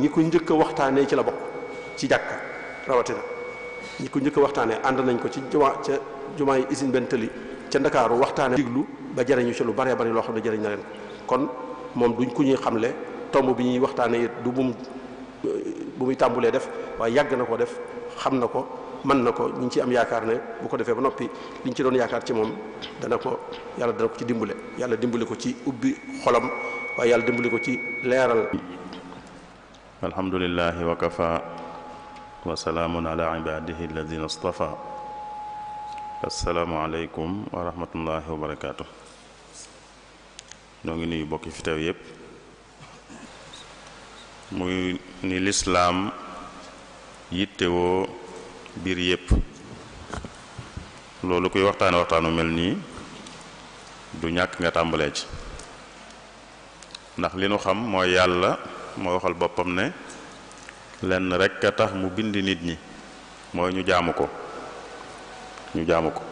ñi ko njëkk a waxtaanee ci la bokk ci jàkka rawatina ñi ko njëkk waxtaanee ànd nañ ko ci juma ca jumaa yi usine benn tëli ca ndakaaru waxtaanee diglu ba jëriñu ci lu baree bari loo xam ne jëriñ na leen kon moom duñ ko ñuy xamle tomb bi ñuy waxtaanee it du bum bu muy tàmbulee def waaye yàgg na ko def xam na ko mën na ko ñu ngi ci am yaakaar ne bu ko defee ba noppi liñ ci doon yaakaar ci moom dana ko yàlla dana ko ci dimbale yàlla dimbale ko ci ubbi xolam waaye yàlla dimbale ko ci leeral الحمد لله وكفى وسلام على عباده الذين اصطفى السلام عليكم ورحمة الله وبركاته نوغي نيو بوكي فيتاو ييب موي ني الاسلام ييتيو بير ييب لولو كوي وقتان وقتانو ملني دو نياك nga tambalé ci ndax li nu xam moy yalla mo waxal bopam ne len rek ka tax mu bind nit ñi mooy ñu jaamu ko ñu jaamu ko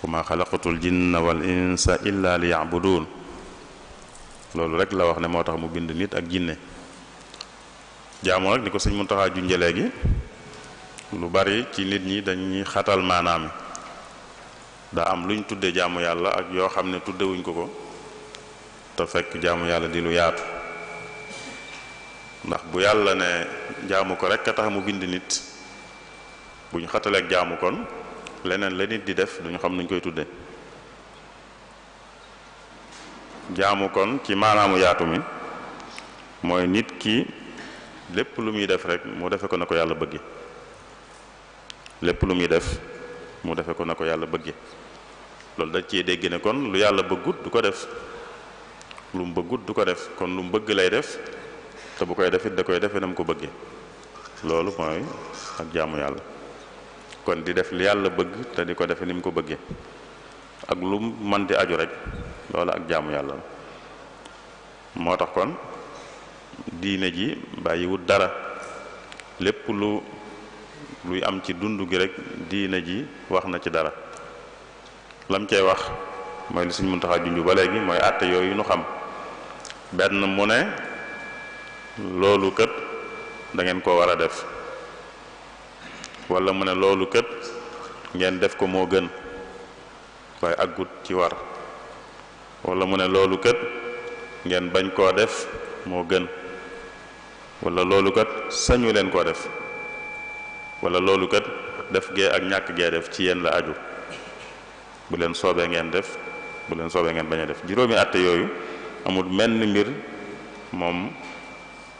kuma khalaqatul jinna wal insa illa liya'budun lolu rek la wax ne moo tax mu bind nit ak jinne jaamu nag ni señ muntaha muntaxa junje lu bari ci nit ñi dañuy xatal manam da am luñ tudde jaamu yalla ak yo xamne ne wuñ ko ko ta fekk jaamu yalla di lu yaatu ndax bu yàlla ne jaamu ko rek a tax mu bind nit bu ñu xataleeg jaamu kon leneen la nit di def ñu xam nuñ koy tudde jaamu kon ci maanaamu yaatu mi mooy nit ki lépp lu muy def rek mu defe ko na ko yàlla bëgge lépp lu muy def mu defe ko na ko yàlla bëgge loolu da ci dégg ne kon lu yàlla bëggut du ko def lu mu bëggut du ko def kon lu mu bëgg lay def te bu koy defit da koy defe na mu ko bëggee loolu mooy ak jaamu yàlla kon di def li yàlla bëgg te di ko defe ni mu ko bëggee ak lu man di aju rek loolu ak jaamu yàlla la moo tax kon diine ji bàyyiwut dara lépp lu luy am ci dund gi rek diine ji wax na ci dara lam cey wax mooy li suñ mun taxaa junju ba léegi mooy àtte yooyu nu xam benn mu ne loolu kat da ngeen ko wara def wala mune ne kat ngeen def ko mo gën way agut ci war wala mune ne kat ngeen bañ ko def mo gën wala loolu kat sañu len ko def wala loolu kat def ge ak ñak ge def ci yeen la aju bu len sobe ngeen def bu len sobe ngeen baña def juroomi atte yoyu amul menn mbir mom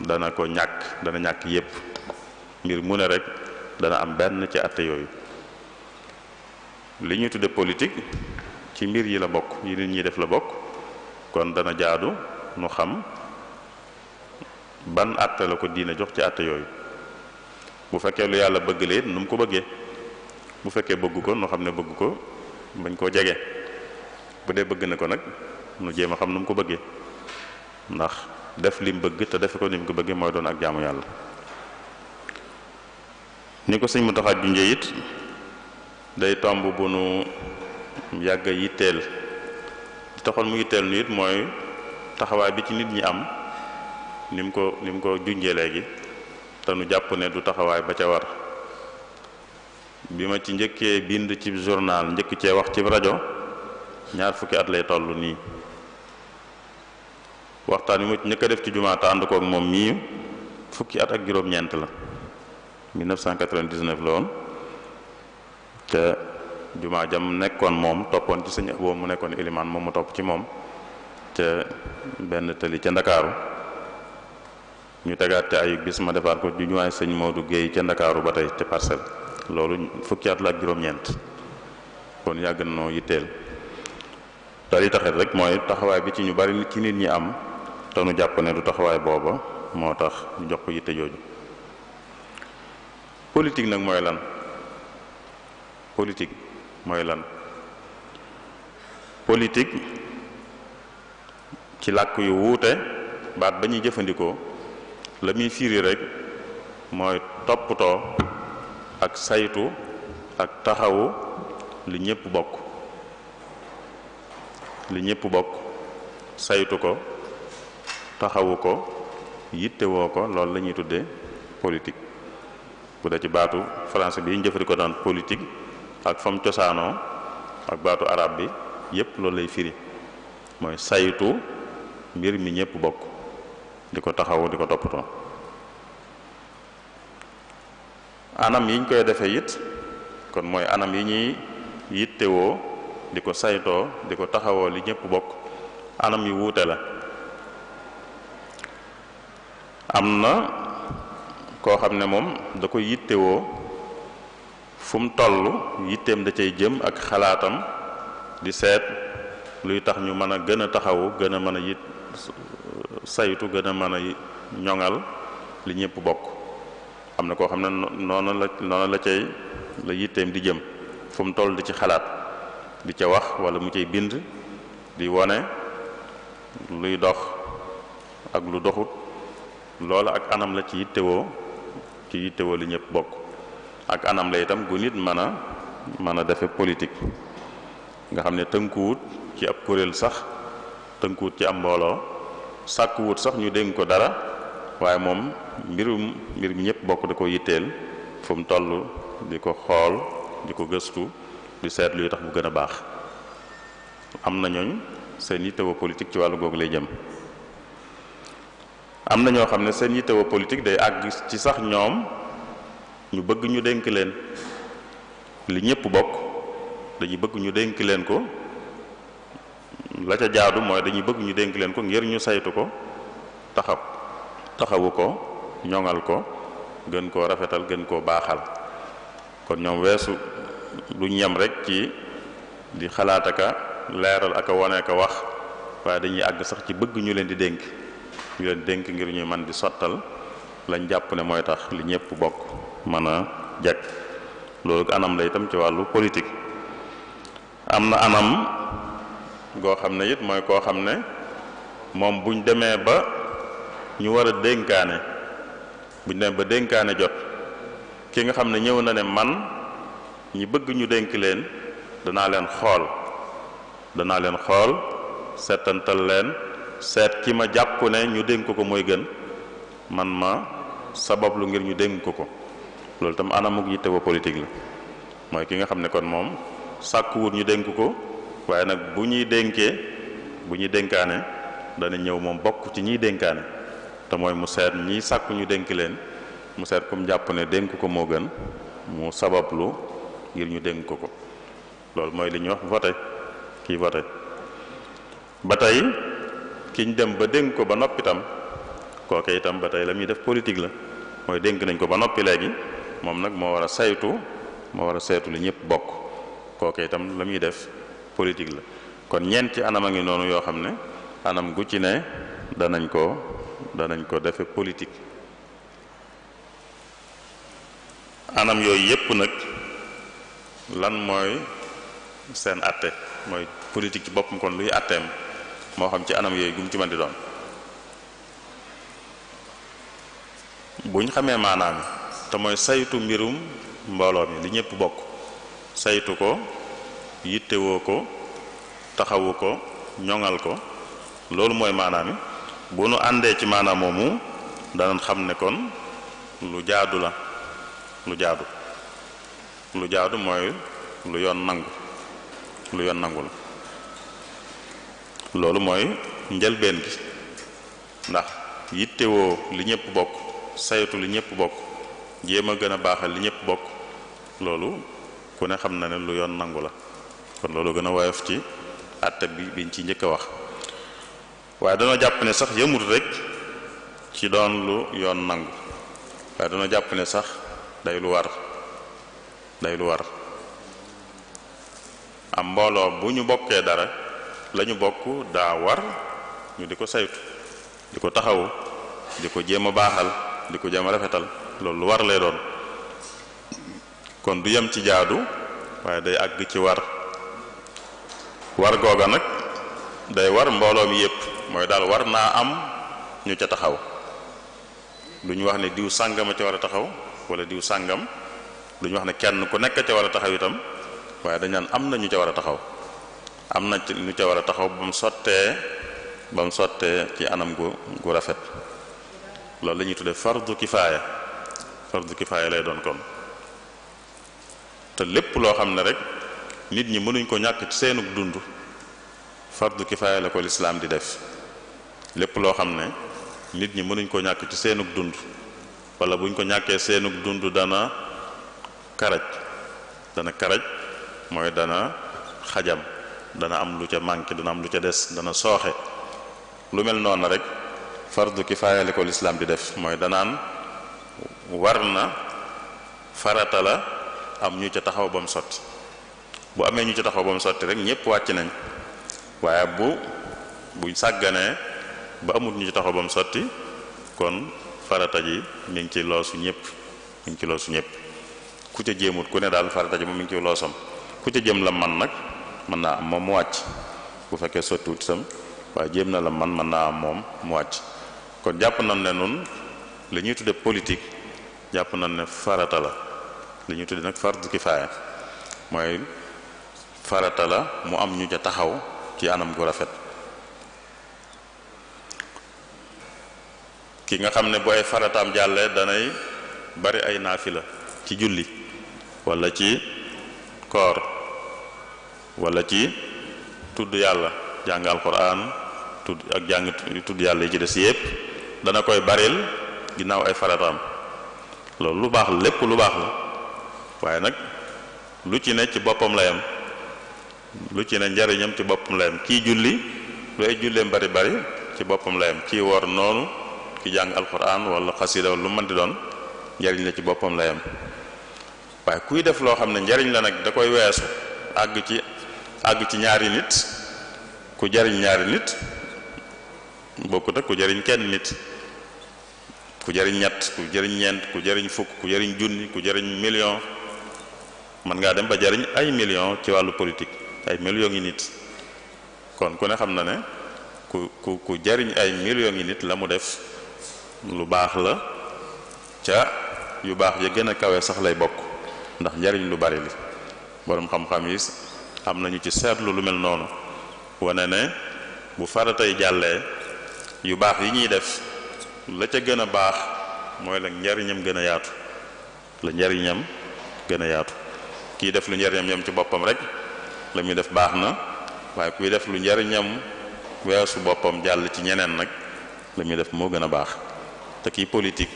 dana ko ñàkk dana ñàkk yépp mbir mu ne rek dana am benn ci àtte yooyu li ñuy tudde politique ci mbir yi la bokk yi nit ñuy def la bokk kon dana jaadu nu xam ban àtte la ko diine jox ci àtte yooyu bu fekkee lu yàlla bëgg la nu mu ko bëggee bu fekkee bëgg ko nu xam ne bëgg ko bañ koo jege bu dee bëgg na ko nag nu jéem a xam nu mu ko bëggee ndax def lim bëgg te defe ko lim ko bëggee mooy doon ak jaamu yàlla ni ko sëñ mu taxaat junje it day tomb bu nu yàgg yitteel di taxoon mu yitteel nu mooy taxawaay bi ci nit ñi am ni ko ni ko junjee léegi te nu jàpp ne du taxawaay ba ca war bi ma ci njëkkee bind ci journal njëkk cee wax ci rajo ñaar fukki at lay toll nii waxtaan wi ma njëkk a def ci jumaa te ànd moom mii fukki at ak juróom-ñeent la 1999 la woon te jumaa jam nekkoon moom toppoon ci sëñ aboo mu nekkoon ilimaan moom mu topp ci moom ca benn tëli ca ndakaaru ñu tegaat ca ayub bis ma defaat ko jumaay sëñ Modou Guèye ndakaaru ba tey ca parcelle loolu fukki la ak juróom-ñeent kon yàgg noo yitteel dal yi taxit rek mooy taxawaay bi ci ñu bari ci nit ñi am te nu jàpp ne du taxawaay booba moo tax ñu jox ko yitte jooju politique nag mooy lan politique mooy lan politik ci làkk yu wuute baat ba ñuy jëfandikoo la muy firi rekk mooy toppatoo ak saytu ak taxawu li ñépp bokk li ñépp bokk saytu ko taxawu ko yittewoo ko loolu la ñuy tuddee politique bu dee ci baatu français bi ñu jëfandikoo daan politique ak fam cosaanoo ak baatu arab bi yépp loolu lay firi mooy saytu mbir mi ñépp bokk di ko taxawu di ko toppatoo anam yiñ koy defe it kon mooy anam yi ñuy yittewoo di ko saytoo di ko taxawoo li ñépp bokk anam yi wuute la am na koo xam ne moom da ko yittewoo fum tollu toll yitteem da cay jëm ak xalaatam di seet luy tax ñu mën a gën a taxawu gën a mën a yit saytu gën a mën a ñoŋal li ñëpp bokk am na koo xam ne noonu la noonu la cay la yitteem di jëm fu mu di ci xalaat di ca wax wala mu cay bind di wone luy dox ak lu doxut loola ak anam la ci yittewoo ci yittewoo li ñëpp bokk ak anam la itam gu nit mën a mën a defe politique nga xam ne tënkuwut ci ab kuréel sax tënkuwut ci am mbooloo sàkkuwut sax ñu dénk ko dara waaye moom mbirum mbir mi ñëpp bokk da ko yitteel fu mu toll di ko xool di ko gëstu di seet luy tax bu gën a baax am na ñooñ seen yittewoo politique ci wàllu googu lay jëm am na ñoo xam ne seen yittewoo politique day àgg ci sax ñoom ñu bëgg ñu dénk leen li ñëpp bokk dañuy bëgg ñu dénk leen ko la ca jaadu mooy dañuy bëgg ñu dénk leen ko ngir ñu saytu ko taxaw taxawu ko ñoŋal ko gën koo rafetal gën koo baaxal kon ñoom weesu du ñam rekk ci di xalaat aka leeral aka wone aka wax waaye dañuy àgg sax ci bëgg ñu leen di dénk ñu leen dénk ngir ñuy man di sottal lañ jàpp ne mooy tax li ñëpp bokk mën a jag loolu anam la itam ci wàllu politik am na anam goo xam ne it mooy koo xam ne moom buñ demee ba ñu war a dénkaane buñ demee ba dénkaane jot ki nga xam ne ñëw na ne man ñi bëgg ñu dénk leen danaa leen xool danaa leen xool setantal leen seet ki ma jàpp ne ñu dénk ko mooy gën man ma sabablu ngir ñu dénk ko ko loolu tam anamuk yittewoo politique la mooy ki nga xam ne kon moom sàkkuwut ñu dénk ko waaye nag bu ñuy dénkee bu ñuy dénkaane dana ñëw moom bokk ci ñiy dénkaane te mooy mu seet ñiy sàkku dénk leen mu seet kum jàpp ne dénk ko moo gën mu sabablu ngir ñu dénk ko ko loolu mooy li ñuy wax vote kii vote ba tey kiñ dem ba dénk ko ba noppi itam kooke itam ba tey la muy def politique la mooy dénk nañ ko ba noppi léegi moom nag moo war a saytu moo war a saytu li ñëpp bokk kooke itam la muy def politique la kon ñeenti anam a ngi noonu yoo xam ne anam gu ci ne danañ ko danañ ko defe politique anam yooyu yëpp nag lan mooy seen atte mooy politique ci boppam kon luy atteem mo xam ci anam yoy gum ci man di doon buñ xamee manam te moy saytu mbirum mbolo mi li ñepp bok saytu ko wo ko taxawu ko ñongal ko loolu moy manam bu nu ande ci maanaam momu danañ xam ne kon lu jaadu la lu jaadu lu jaadu moy lu yon nangul lu yon nangul loolu mooy njëlbeen gi ndax yittewoo li ñëpp bokk saytu li ñëpp bokk jéem a gën a baaxal li ñëpp bokk loolu ku ne xam na ne lu yoon nangu la kon loolu gën a woyof ci àtte bi biñ ci njëkk a wax waaye danoo jàpp ne sax yëmut rekk ci doon lu yoon nangu waaye danoo jàpp ne sax day lu war day lu war am mbooloo bu ñu bokkee dara lañu bokk daa war ñu di ko saytu di ko taxawu di ko jéem a baaxal di ko jéem a rafetal loolu lu war lay doon kon du yem ci jaadu waaye day àgg ci war war googa nag day war mbooloo mi yépp mooy daal war naa am ñu ca taxaw du ñu wax ne diw a ca war a taxaw wala diw sàngam du ñu wax ne kenn ku nekk ca war a taxaw itam waaye dañ naan am na ñu ca war a taxaw am na lu ca war a taxaw ba mu sottee ba sottee ci anam gu gu rafet loolu la ñuy tuddee fardu kifaaya fardu kifaaya lay doon kon te lépp loo xam ne rek nit ñi mënuñ ko ñàkk ci seenug dund fardu kifaaya la ko lislaam di def lépp loo xam ne nit ñi mënuñ ko ñàkk ci seenug dund wala buñ ko ñàkkee seenug dund dana karaj dana karaj mooy dana xajam dana am lu ca manqué dana am lu ca des dana sooxe lu mel noonu rek fardu kifaaya li ko lislaam di def mooy danaan war na farata la am ñu ca taxaw ba mu sotti bu amee ñu ca taxaw ba mu sotti rek ñépp wàcc nañ waaye bu bu sàgganee ba amut ñu ci taxaw ba mu sotti kon farata ji mu ngi ci loosu ñépp mi ngi ci loosu ñépp ku ca jéemut ku ne daal farata ji moom ngi ci loosam ku ca jëm la man nag mën naa am moom mu wàcc bu fekkee sottiwut sam waaye jéem na la man mën naa am moom mu wàcc kon jàpp nañ ne nun li ñuy tudde politik jàpp nañ ne farata la li ñuy tudde nag far fardu kifaaya mooy farata la mu am ñu ja taxaw ci anam gu rafet ki nga xam ne bu ay farataam jàllee danay bari ay naafila ci julli walla ci koor wala ci tudd yàlla jàng alquran tudd ak jàng tudd yàlla yi ci des yépp dana koy baril ginnaaw ay farataam loolu lu baax la lépp lu baax la waaye nag lu ci ne ci boppam la yem lu ci ne njariñam ci boppam la yem kii julli lu ay bari bari ci boppam la yem kii woor noonu ki jàng alquran wala xasida wala lu mën di doon njariñ la ci boppam la yem waaye kuy def loo xam ne njariñ la nag da koy weesu àgg ci àgg ci ñaari nit ku jariñ ñaari nit bokkut ak ku jariñ kenn nit ku jariñ ñett ku jariñ ñeent ku jariñ fukk ku jariñ junni ku jariñ million mën ngaa dem ba jariñ ay million ci wàllu politique ay million yi nit kon ku ne xam na ne ku ku jariñ ay million yi nit la mu def lu baax la ca yu baax ya gën a kawe sax lay bokk ndax njariñ lu bari li boroom xam-xam yi am nañu ci seetlu lu mel noonu wane ne bu faratay jàllee yu baax yi ñuy def la ca gën a baax mooy la njariñam gën a yaatu la njariñam gën a yaatu kii def lu njariñam yam ci boppam rek la muy def baax na waaye kuy def lu njariñam weesu boppam jàll ci ñeneen nag la muy def moo gën a baax te kii politique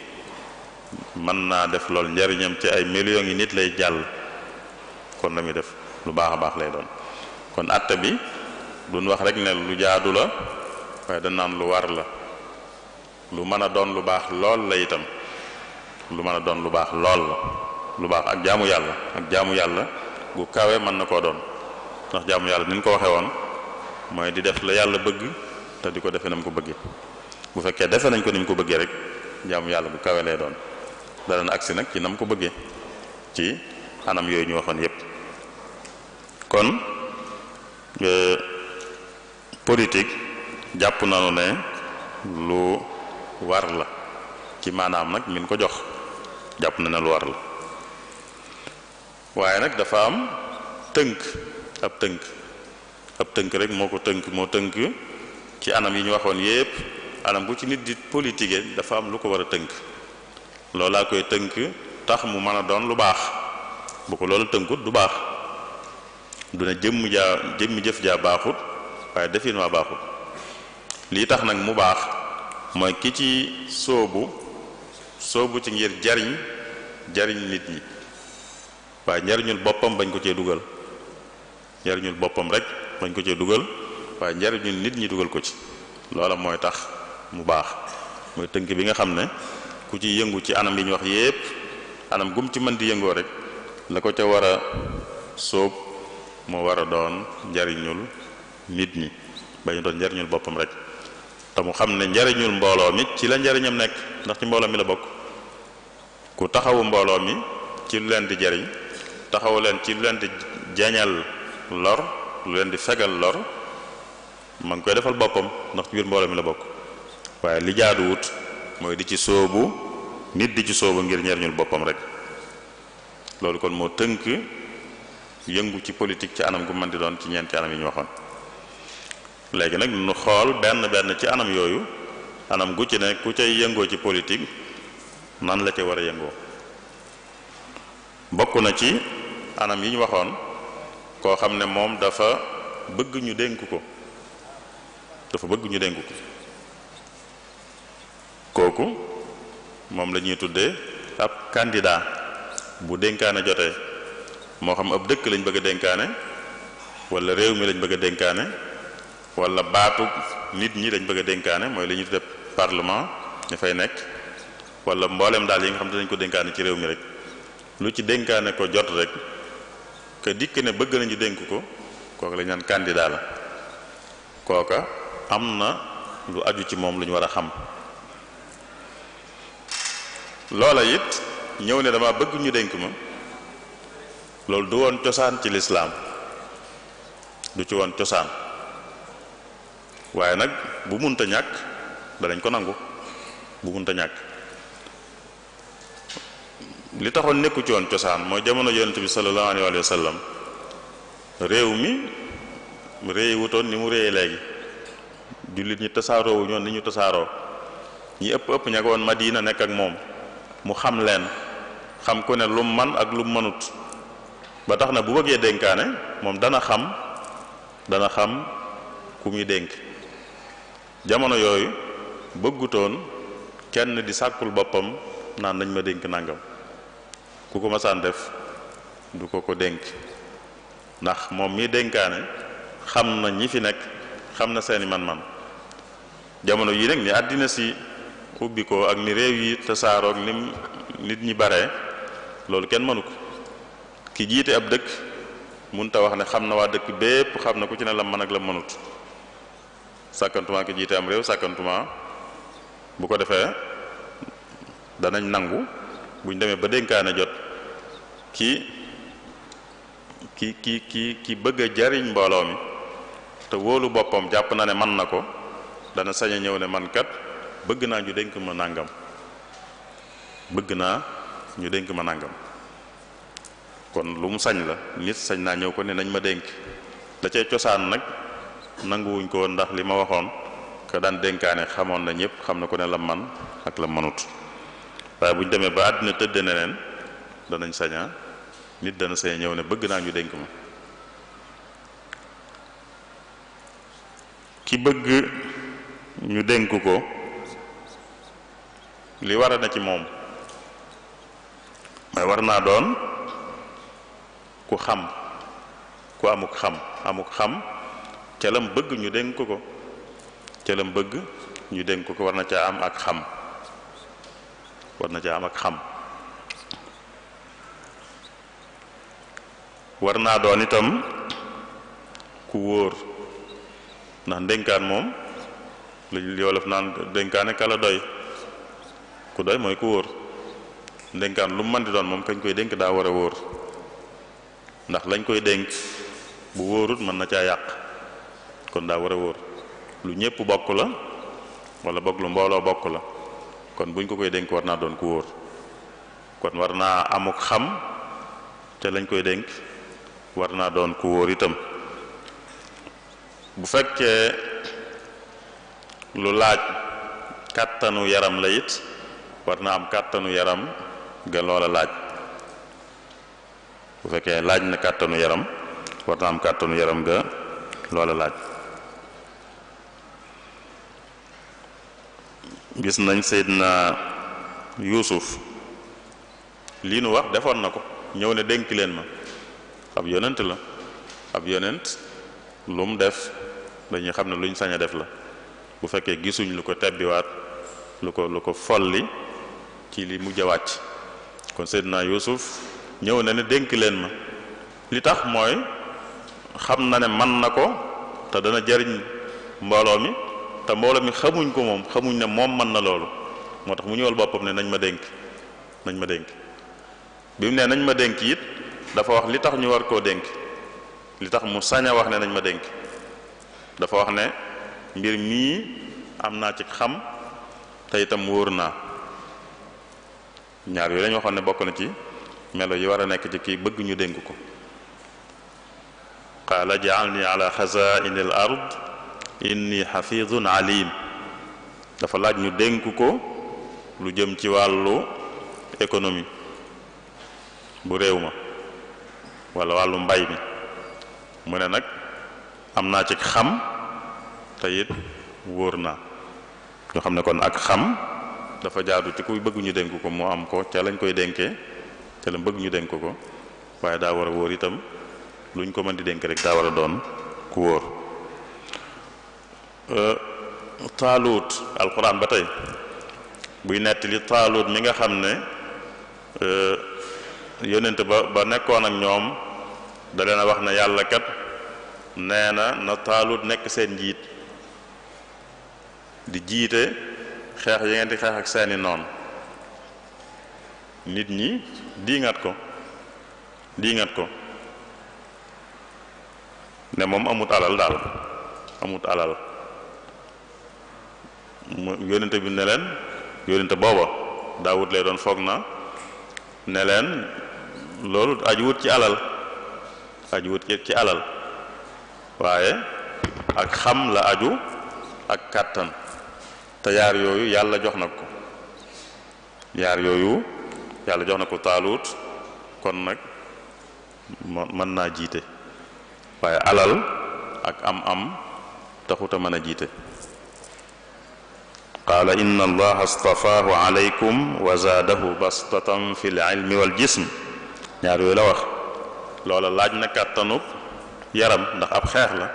mën naa def lool njariñam ci ay millions yi nit lay jàll kon la muy def lu baakha baax lay doon kon atta bi duñ wax rek ne lu jaadu la way da nan lu war la lu mën doon lu baax lol la itam lu mën doon lu baax lol la lu baax ak jaamu yalla ak jaamu yalla gu kawé man nako doon tax jaamu yalla niñ ko waxé won moy di def la yalla bëgg ta diko defé nam ko bëggé bu féké defé nañ ko niñ ko bëggé rek jaamu yalla gu kawé lay doon lan aksi nak ci nam ko bëggé ci anam yoy ñu waxon yépp kon euh, politik jàpp nanu ne lu war la ci maanaam nag min ko jox jàpp na ne lu war la waaye nag dafa am tënk ab tënk ab tënk rek moo ko tënk moo tënk ci anam yi ñu waxoon yépp anam bu ci nit di politique dafa am lu ko war a tënk loolaa koy tënk tax mu mën a doon lu baax bu ko loolu tënkut du baax du ne jëmm jaa jëmm jëf jaa baaxut waaye defin waa baaxut lii tax nag mu baax mooy ki ci sóobu sóobu ci ngir jariñ jariñ nit ñi waaye njariñul boppam bañ ko cee dugal njariñul boppam rek bañ ko cee dugal waaye njariñul nit ñi dugal ko ci loola mooy tax mu baax mooy tënk bi nga xam ne ku ci yëngu ci anam yi ñu wax yépp anam gum ci mën di yëngoo rek la ko ca war sóob mu war a doon njariñul nit ñi ba doon njariñul boppam rek te mu xam ne njariñul mbooloo mi ci la njariñam nekk ndax ci mbooloo mi la bokk ku taxawu mbooloo mi ci lu leen di jariñ taxawu leen ci lu leen di jañal lor lu leen di fegal lor ma ngi koy defal boppam ndax ci biir mbooloo mi la bokk waaye li jaaduwut mooy di ci soobu nit di ci sóobu ngir njariñul boppam rek loolu kon moo tënk yëngu ci politique ci anam gu mën di doon ci ñeenti anam yi ñu waxoon léegi nag nu xool benn benn ci anam yooyu anam gu ci ne ku cay yëngoo ci politique nan la ca war a yëngoo bokk na ci anam yi ñu waxoon koo xam ne moom dafa bëgg ñu dénk ko dafa bëgg ñu dénk kooku moom lañuy tuddee ab kàndidaa bu dénkaane jotee moo xam ab dëkk lañ bëgg a dénkaane wala réew mi lañ bëgg a dénkaane walla baatu nit ñi lañ bëgg a dénkaane mooy li ñu tudde parlement ñu fay nekk walla mbooleem daal yi nga xam ne dañ ko dénkaane ci réew mi rek lu ci dénkaane ko jot rek que dikk ne bëgg nañu dénk ko kooka lañ naan candidat la kooka am na lu aju ci moom lu war a xam loola it ñëw ne dama bëgg ñu dénk ma loolu du woon cosaan ci lislaam du ci woon cosaan waaye nag bu munta ñàkk danañ ko nangu bu munta ñàkk li taxoon nekku ci woon cosaan mooy jamono yonent bi sallallahu alayhi wa sallam réew mi réeyi wutoon ni mu réeye léegi jullit ñi tasaaroo wu ñoon ni ñu tasaaroo ñi ëpp ëpp ña ko woon Madina nekk ak moom mu xam leen xam ko ne lum man ak lum mënut ba tax na bu bëggee dénkaane moom dana xam dana xam ku muy dénk jamono yooyu bëggutoon kenn di sàkkul boppam naan nañ ma dénk nangam ku ko masaan def du ko ko dénk ndax moom mi dénkaane xam na ñi fi nekk xam na seeni man-man jamono yii nag ni àddina si ubbi ko ak ni réew yi tasaaroog ni nit ñi bare loolu kenn mënu ko ki jiite ab dëkk mënut a wax ne xam na waa dëkk bépp xam na ku ci ne la mën ak la mënut sàkkantuma ki jiite am réew sàkkantuma bu ko defee danañ nangu buñ demee ba dénkaane jot ki ki ki ki ki bëgg jariñ mbooloo mi te woolu boppam jàpp na ne man na ko dana sañ a ñëw ne man kat bëgg naa ñu dénk ma nàngam bëgg naa ñu dénk ma nàngam kon lu mu sañ la nit sañ naa ñëw ko ne nañ ma dénk da cay cosaan nag nanguwuñ ko ndax li ma waxoon que daan dénkaane xamoon na ñëpp xam na ko ne la man ak la manut waaye bu ñu demee ba àddina tëdd ne leen danañ saña nit dana sañ ñëw ne bëgg naa ñu dénk ma ki bëgg ñu dénk ko li war ci moom mooy war naa doon ku xam ku amuk xam amuk xam ca lam bëgg ñu dénk ko ca lam bëgg ñu dénk ko war na caa am ak xam war na ca am ak xam war naa doon itam ku wóor ndax ndénkaan moom lu yoolof naan dénkaane kala doy ku doy mooy ku wóor ndénkaan lu mu mën di doon moom kañ koy dénk daa war a wóor ndax lañ koy denk bu worut man na ca yak kon da wara wor lu ñepp bokku la wala bokk lu mbooloo la kon buñ ko koy denk war naa doon ku wor kon war amuk xam te lañ koy denk war naa doon ku wor itam bu fekke lu laaj yaram la warna war am yaram ga lola laaj bu fekkee laaj na kàttanu yaram war kàttanu yaram ga loola laaj gis nañ Seydina Yuusuf lii nu wax defoon na ko ñëw ne dénk leen ma ab yonent la ab yonent lu def dañuy xam ne luñ sañ a def la bu fekkee gisuñ lu ko tebbiwaat lu ko lu ko folli ci li mujj a wàcc kon Seydina Yuusuf ñëw na ne dénk leen ma li tax mooy xam na ne man na ko te dana jariñ mbooloo mi te mbooloo mi xamuñ ko moom xamuñ ne moom man na loolu moo tax mu ñëwal boppam ne nañ ma dénk nañ ma dénk bi mu ne nañ ma dénk it dafa wax li tax ñu war koo dénk li tax mu sañ a wax ne nañ ma dénk dafa wax ne mbir mii am naa ci xam te itam wóor naa ñaar yooyu lañu waxoon ne bokk na ci melo yi war a nekk ci kii bëgguñu dénk ko qaala ja'alni ala xazaini al ard inni xafidun alim dafa laaj ñu dénk ko lu jëm ci wàllu économie bu réew ma wala wàllu mbay mi mu ne nag am naa ci xam te wóor naa ñoo xam ne kon ak xam dafa jaadu ci kuy bëgg dénk ko mu am ko ca lañ koy dénkee te la bëgg ñu dénk ko ko waaye daa war a wóor itam lu ñu ko mën di dénk rek daa war a doon ku wóor euh, taalut alquran ba tey buy nettali taalut mi nga xam ne euh, yonent ba ba nekkoon ak ñoom da leen wax na yàlla kat nee na na taalut nekk seen njiit di jiite xeex yi ngeen di xeex ak seeni noon nit ñi diingat ko diingat ko ne moom amut alal daal amut alal mu yónnente bi ne leen yónnente booba daawut lay doon foog na ne leen loolu ajuwut ci alal ajuwut ci alal waaye ak xam la aju ak kàttan te yaar yooyu yàlla jox nag ko yaar yooyu yàlla jox na ko taalut kon nak man na jité waye alal ak am-am taxut a mën jité qala inna allaha astafahu alaykum wa zadahu bastatan fil ilmi wal jism ñaar yooyu la wax lola laaj na katanu yaram ndax ab xex la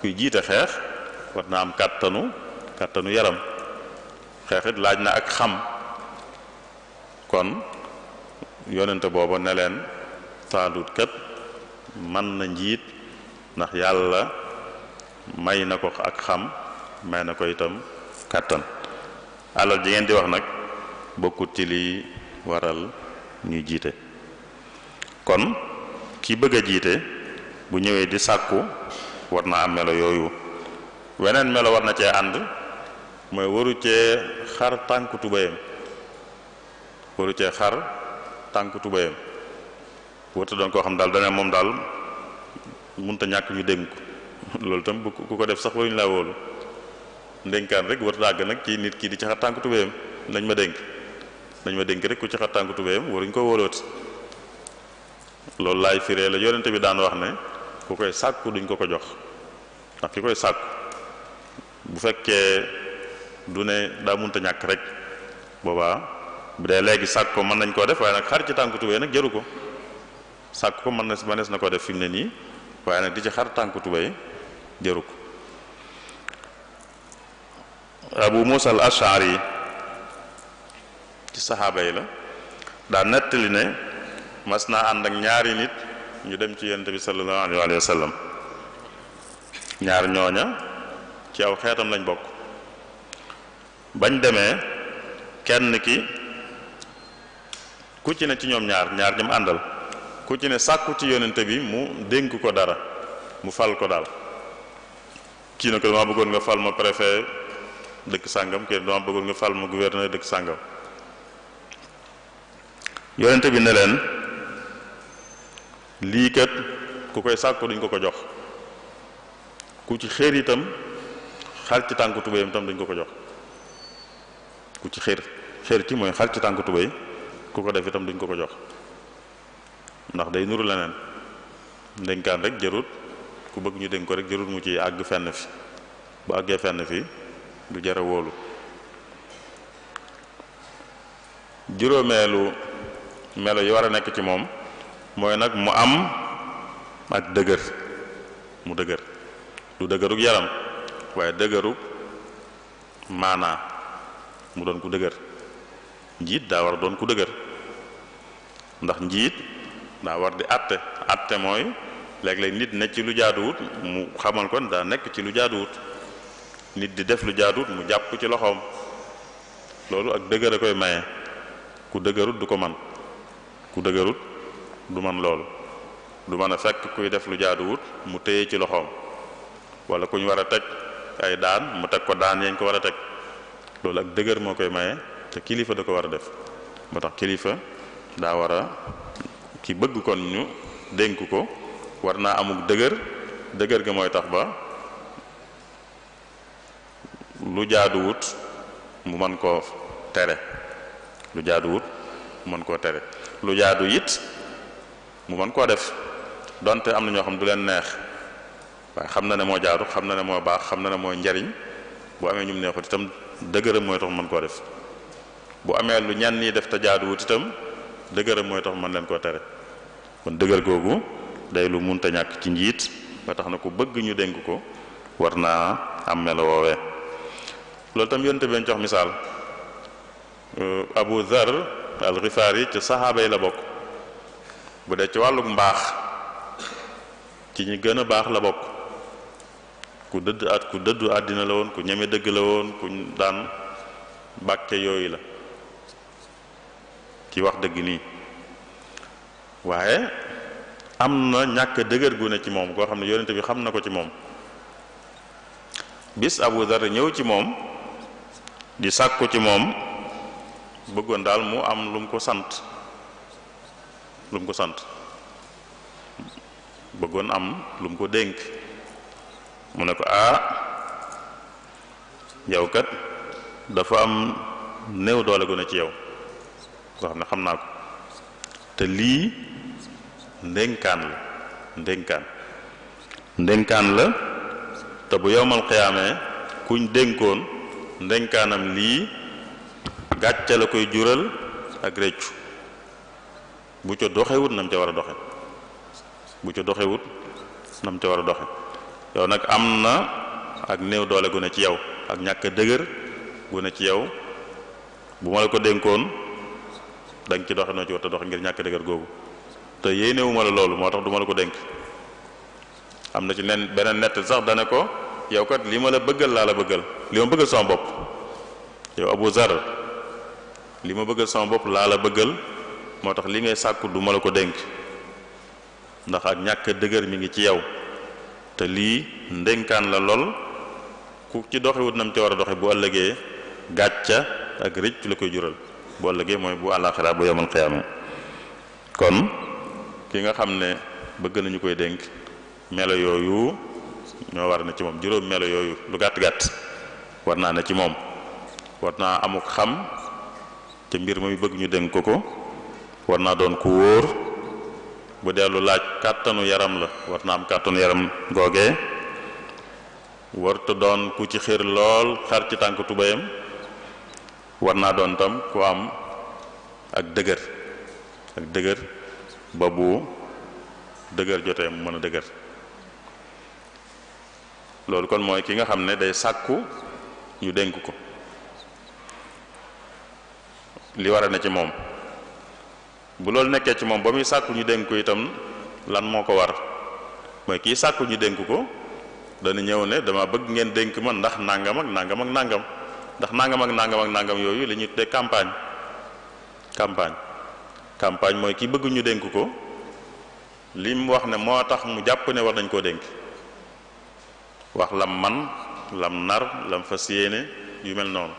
kuy jité xex war na am katanu katanu yaram xeexit laaj na ak xam kon yonente booba ne len talut kat man na njit ndax yalla may na ak xam may nako itam katan alal ji di wax nak bokku ci waral ñu jité kon ki bëgg jité bu ñëwé di sakku warna am melo yoyu wenen melo warna ci and moy waru ci xar tanku tubayam waru ci xar tànk tubayam wërta doon koo xam daal dana moom daal munta ñàkk ñu dénk loolu tam bu ku ko def sax waruñu laa wóolu ndénkaan rek wërta àgg nag ci nit kii di ca xar tànk tubayam nañ ma dénk nañ ma dënk rek ku ca xar tànk tubayam waruñ ko wóolooti loolu lay firee la yonente bi daan wax ne ku koy sàkku duñ ko ko jox ndax ki koy sàkku bu fekkee du ne daa munta ñàkk rek boobaa bu dee léegi sàkk ko mën nañ koo def waaye nag xar ci tànk tubéy nag jëru ko sàkk ko mën na si mënees na koo def fi mu ne nii waaye nag di ci xar tànk tubéy jëru ko abu muusa al ashari yi ci saxaaba yi la daa nettali ne mas naa ànd ak ñaari nit ñu dem ci yonent bi sallallahu alayhi wa sallam ñaar ñooña ci aw xeetam lañ bokk bañ demee kenn ki ku ci ne ci ñoom ñaar ñaar ñoom àndal ku ci ne sàkku ci yonente bi mu dénk ko dara mu fal ko daal kii na ko dama bëggoon nga fal ma préfet dëkk sàngam kii dama bëggoon nga fal ma gouverneur dëkk sàngam yonente bi ne leen lii kat ku koy sàkku duñ ko ko jox ku ci xéer itam xar ci tànku tubéyam itam duñ ko ko jox ku ci xéer xéer ci mooy xar ci tànku tubéy ku ko def itam duñ ko ko jox ndax day nuru dañ kan rek jërut ku bëgg ñu dénk ko rek jërut mu ci ag fenn fi bu àggee fenn fi du jara wóolu melo yi wara nek ci mom moy nak mu am ak dëgër mu dëgër du dëgërug yaram waye dëgërug mana mu don ku dëgër njit da war don ku dëgër ndax njiit daa war di àtte àtte mooy léeg-léeg nit nekk ci lu jaaduwut mu xamal kon daa nekk ci lu jaaduwut nit di def lu jaaduwut mu jàpp ci loxoom loolu ak dëgër a koy maye ku dëgërut du ko man ku dëgërut du man loolu du mën a fekk kuy def lu jaaduwut mu téye ci loxoom wala ku ñu war a teg ay daan mu teg ko daan yañ ko war a teg loolu ak dëgër moo koy maye te kilifa da ko war a def moo tax kilifa daa war a ki bëgg kon ñu dénk ko war naa amul dëgër dëgër ga mooy tax ba lu jaaduwut mu mën koo tere lu jaaduwut mu mën koo tere lu jaadu it mu mën koo def donte am na ñoo xam du leen neex waaye xam na ne moo jaadu xam na ne moo baax xam na ne mooy njariñ bu amee ñum neexut itam dëgëram mooy tax mën koo def bu amee lu ñenn ñi def te jaaduwut itam dëgëram mooy tax man leen koo tere kon dëgër googu day lu munta ñàkk ci njiit ba tax na ko bëgg ñu dénk ko war naa am melo loolu tam yonte ben jox misaal euh, Abu Dhar al-Ghifari ci la bokk bu dee ci wàlluk mbaax ci ñi gën a baax la bokk ku dëdd at ku dëddu àddina la woon ku ñeme dëgg la woon ku daan bàkke yooyu la ci wax dëgg nii waaye am na ñàkk dëgër gu ne ci moom goo xam ne yonente bi xam na ko ci moom bis Abu dara ñëw ci moom di ko ci moom bëggoon daal mu am lu mu ko sant lu ko sant bëggoon am lum ko dénk mu ne ko ah yow kat dafa am néew doole gu ne ci yow koo xam ne xam naa ko te lii ndénkaan la ndénkaan la te bu yowmal xiyaamee kuñ dénkoon ndénkaanam lii gàcce la koy jural ak réccu bu ca doxewut nam ca war a doxe bu ca doxewut nam ca war a doxe yow nag am na ak néew doole gu ne ci yow ak ñàkk dëgër gu ne ci yow bu ma la ko dénkoon da nga ci doxe noo ci war a dox ngir ñàkk dëgër googu te yéenewuma la loolu moo tax du ma la ko dénk am na ci nen beneen nett sax dana ko yow kat li ma la bëggal laa la bëggal li ma bëggal sama bopp yow Abu Zar li ma bëggal sama bopp laa la bëggal moo tax li ngay sàkku du ma la ko dénk ndax ak ñàkk dëgër mi ngi ci yow te lii ndénkaan la lool ku ci doxewut nam ca war a doxe bu ëllëgee gàcca ak rëcc la koy jural bu ëllëgee bu àllaaxira bu yomal xiyaama kon ki nga xam ne bëgg nañu koy dénk melo yooyu ñoo war na ci moom juróom melo yooyu lu gàtt gàtt war naa ne ci moom war naa amuk xam te mbir muy bëgg ñu dénk ko ko war naa doon ku wóor bu dellu laaj kàttanu yaram la war naa am kàttanu yaram googee warta doon ku ci xër lool xar ci tànk tubayam war naa doon tam ku am ak dëgër ak dëgër ba bu dëgër jotee mu mën a dëgër loolu kon mooy ki nga xam ne day sàkku ñu dénk ko li war a ci moom bu loolu nekkee ci moom ba muy sàkku ñu dénk ko itam lan moo ko war mooy kii sàkku ñu dénk ko dana ñëw ne dama bëgg ngeen dénk ma ndax nangam ak nangam ak nangam ndax nangam ak nangam ak nangam yooyu la ñuy tuddee campagne campagne campagne mooy ki bëgg ñu dénk ko li mu wax ne moo tax mu jàpp ne war nañ koo dénk wax lam man lam nar lam fas yéene yu mel noonu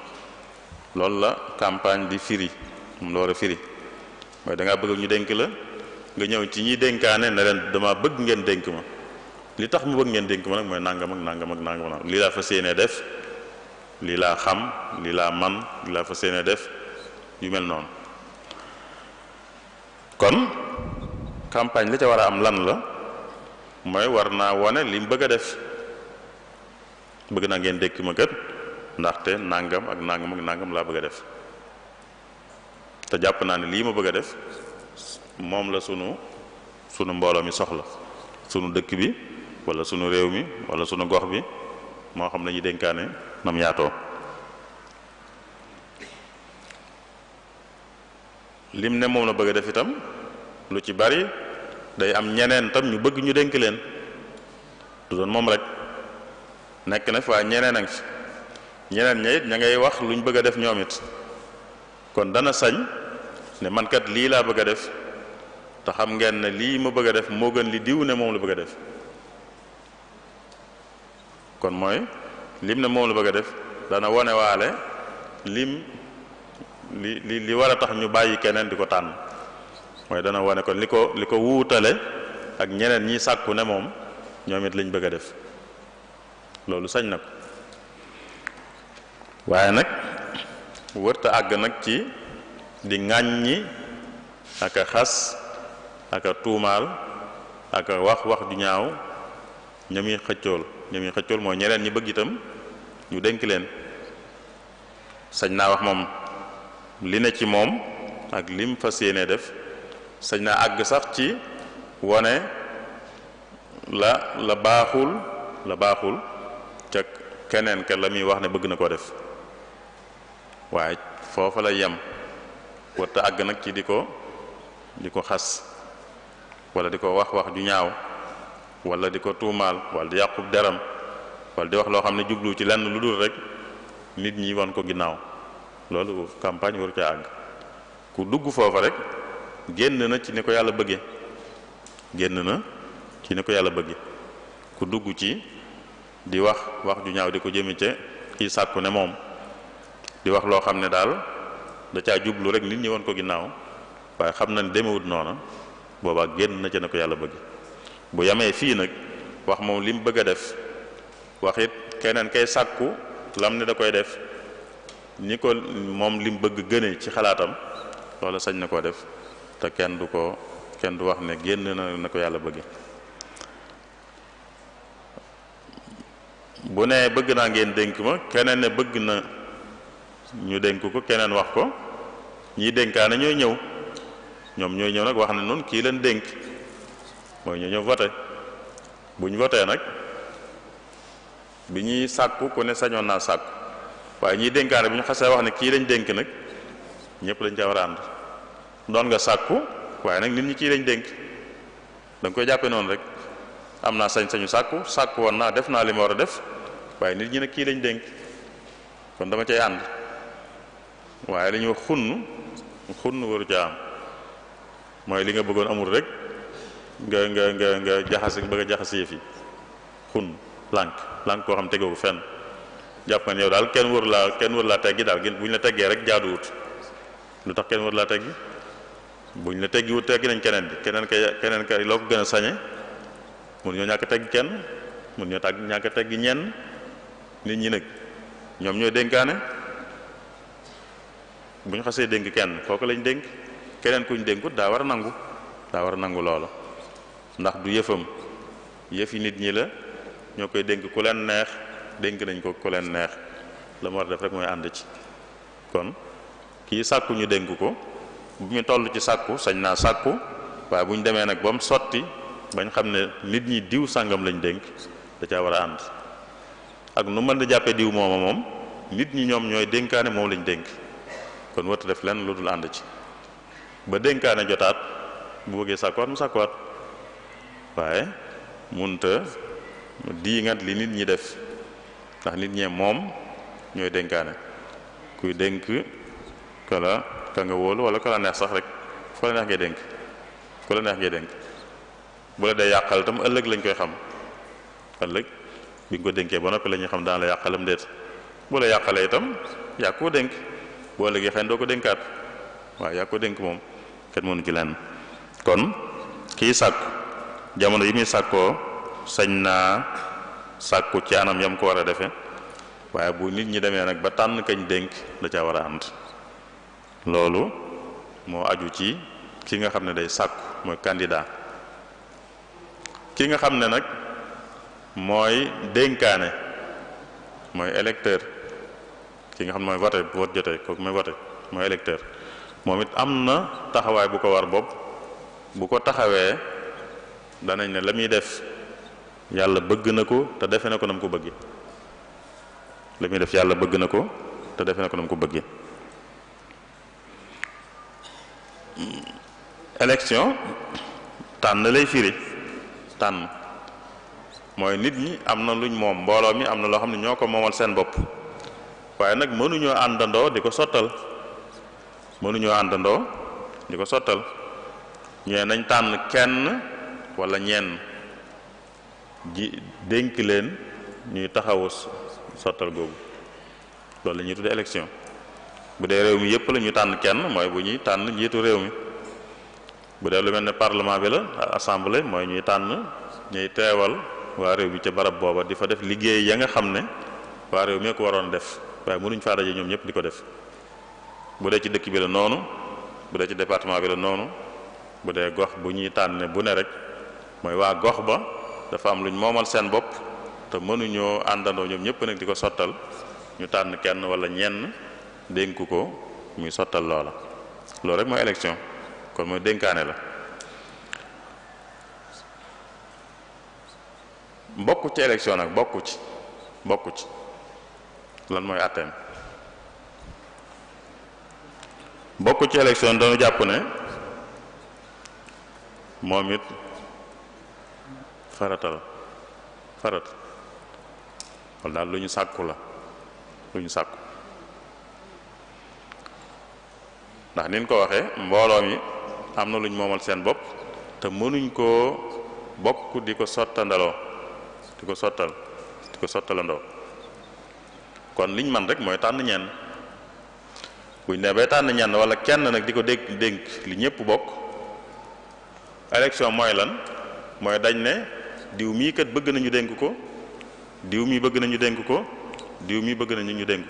loolu la campagne di firi mu loolu firi mooy da ngaa bëgg ñu dénk la nga ñëw ci ñi dénkaane ne leen dama bëgg ngeen dénk ma li tax mu bëgg ngeen dénk ma nag mooy nangam ak nangam ak nangam lii laa fas yéene def. lii laa xam lii laa man lii laa fa séene def yu mel noonu kon campagne la ca war a am lan la mooy war naa wone li mu bëgg a def bëgg naa ngeen dékk ma kët ndaxte nangam ak nangam ak nangam laa bëgg a def te jàpp naa ne lii ma bëgg a def moom la sunu sunu mbooloo mi soxla sunu dëkk bi wala sunu réew mi wala sunu gox bi moo xam lañuy dénkaane nam yaatoo lim ne moom la bëgg a def itam lu ci bari day am ñeneen tam ñu bëgg ñu dénk leen du doon moom rek nekk na fi waaye ñeneen a ngi fi ñeneen ña ña ngay wax luñ bëgg a def ñoom it kon dana sañ ne man lii laa bëgg a def te xam ngeen ne lii ma bëgg a def moo gën li diw ne moom la bëgg a def kon mooy lim na moom la bëgg a def dana waale lim li li li war a tax ñu bàyyi keneen di ko tànn dana wone kon liko liko li ak ñeneen ñi sàkku ne mom ñoom it lañ bëgg a def loolu sañ na ki, waaye wërta àgg nag ci di ŋàññi ak khas, ak a ak wax wax ñaaw ña xëccool ña muy xëccool mooy ñeneen ñi bëgg itam ñu dénk leen sañ naa wax moom li ne ci moom ak lim fas yéenee def sañ na àgg sax ci wane la la baaxul la baaxul ca keneen ka la muy wax ne bëgg na koo def waaye foofa la yem warta àgg nag ci di ko di ko xas wala di ko wax wax ju ñaaw wala di ko tuumaal wala di yàqu deram wala di wax loo xam ne jubluwu ci lenn lu dul rek nit ñi wan ko ginnaaw loolu campagne waru ca àgg ku dugg foofa rek génn na ci ni ko yàlla bëggee génn na ci yàlla bëggee ku dugg ci di wax wax ju ñaaw di ko jëme ca kii sàkku ne moom di wax loo xam ne daal da caa jublu rek nit ñi won ko ginnaaw waaye xam na ne demewut noona boobaa génn na ci ne ko yàlla bëgg bu yamee fii nag wax moom li mu bëgg a def wax it keneen kay sàkku lam ne da koy def ni ko moom lim bëgg gëne ci xalaatam loola sañ na koo def te kenn du ko kenn du wax ne génn na ko yàlla bëgge bu ne bëgg naa ngeen dénk ma keneen ne bëgg na ñu dënk ko keneen wax ko ñii dénkaane ñooy ñëw ñoom ñooy ñëw nag wax ne noonu kii leen dénk mooy ñu ñëw voté bu ñu voté nag bi ñuy sàkku ku sañoon naa sàkku waaye ñii dénkaane bi ñu xasee wax ne kii lañ dénk nag ñëpp dañ ca war a ànd doon nga sàkku waaye nag nit ñi kii lañ dénk da koy jàppe noonu rek am naa sañ-sañu sàkku sàkku woon naa def naa li ma war a def waaye nit ñi nag kii lañ dénk kon dama cay ànd waaye li ñuy xunn xunn waru ca mooy li nga bëggoon amul rek nga nga nga nga ak bëgg a jaxase fi xun lank lank ko xam tegoo fenn japp nga yow dal kenn wër la kenn wër la teggi dal buñ la teggee rek jaadu wut lutax kenn wër la teggi buñ la teggi wut teggi nañ kenen bi keneen ka kenen ka loo ko gën a sañe mun ñoo ñàkk teggi kenn mun ñoo tàgg ñàkk nit ñi nak ñom ñoy dénkaane buñ xasse dénk kenn kooku lañ dénk kenen kuñ dénkut da war nangu da war nangu ndax du yëfam yëfi nit ñi la ñoo koy dénk ku leen neex dénk nañ ko ku leen neex la mu war def rek mooy ànd ci kon kii sàkku ñu dénk ko bu ñu toll ci sàkku sañ naa sàkku waaye bu ñu demee nag ba mu sotti bañ xam ne nit ñi diw sàngam lañ dénk da war a ànd ak nu mën di jàppee diw mooma moom nit ñi ñoom ñooy dénkaane moom lañ dénk kon warta def lenn lu dul ànd ci ba dénkaane jotaat bu bëggee sàkkuwaat mu sàkkuwaat waaye munta diingat li nit ñi def ndax nit ñee moom ñooy dénkaane kuy dénk kala ka nga wóolu wala kala neex sax rek foo la neex ngay dénk ku la neex ngay dénk bu la dee yàqal ëllëg lañ koy xam ëllëg ko dénkee ba noppi la xam daan la yàqalam déet bu la yàqalee itam yaa dënk dénk boo léegi xëy doo ko dénkaat waaw yaa ko dénk moom kenn mënu ci lenn kon kii sàkku jamono yi muy sàkkoo sañ naa sàkku ci anam yam ko war a defe waaye bu nit ñi demee nag ba tànn kañ dénk da caa war a ànd loolu moo aju ci ki nga xam ne day sàkku mooy candidat ki nga xam ne nag mooy dénkaane mooy électeur ki nga xam ne mooy vote bu vote jotee kooku mooy vote mooy électeur moom it am na taxawaay bu ko war bopp bu ko taxawee danañ ne la muy def yàlla bëgg na ko te defe na ko nam ko bëggee la muy def yàlla bëgg na ko te defe na ko nam ko bëggee élection tànn lay firi tànn mooy nit ñi am na luñ moom mbooloo mi am na loo xam ne ñoo ko moomal seen bopp waaye nag mënuñoo àndandoo di ko sottal mënuñoo àndandoo di ko sottal ñee nañ tànn kenn wala ñen denk leen ñuy taxaw sotal gog lolou lañuy tudde election bu dé réew mi yépp la ñu kenn moy bu ñuy tànn njiitu réew mi bu dé lu melni parlement bi la assemblée moy ñuy tànn ñuy téwal wa réew mi ci barab boba di def liggéey ya nga xamné wa réew mi ko waron def way mënuñ fa dajé ñom ñëpp diko def bu dé ci dëkk bi la nonu bu dé ci département bi la nonu bu dé gox bu ñuy bu ne rek mooy waa gox ba dafa am lu moomal seen bopp te mënuñoo àndandoo ñoom ñëpp nag di ko sottal ñu tànn kenn wala ñenn dénku ko muy sottal loola loolu rek mooy élection kon mooy dénkaane la bokk ci élection nag bokku ci bokku ci lan mooy àtteem bokk ci élection dañu jàpp ne moom it farata la farata daal lu ñu sàkku la lu ñu sàkku ndax nin ko waxe mbooloo mi am na lu ñu moomal seen bopp te mënuñ koo bokk di ko sottandaloo di ko sottal di ko sottalandoo kon liñ man rek mooy tànn ñenn buñ ne bay tànn ñenn wala kenn nag di ko dégg dénk li ñëpp bokk élection mooy lan mooy dañ ne diw mii kat bëgg nañu dénk ko diw mii bëgg nañu dénk ko diw mii bëgg nañu ñu dénk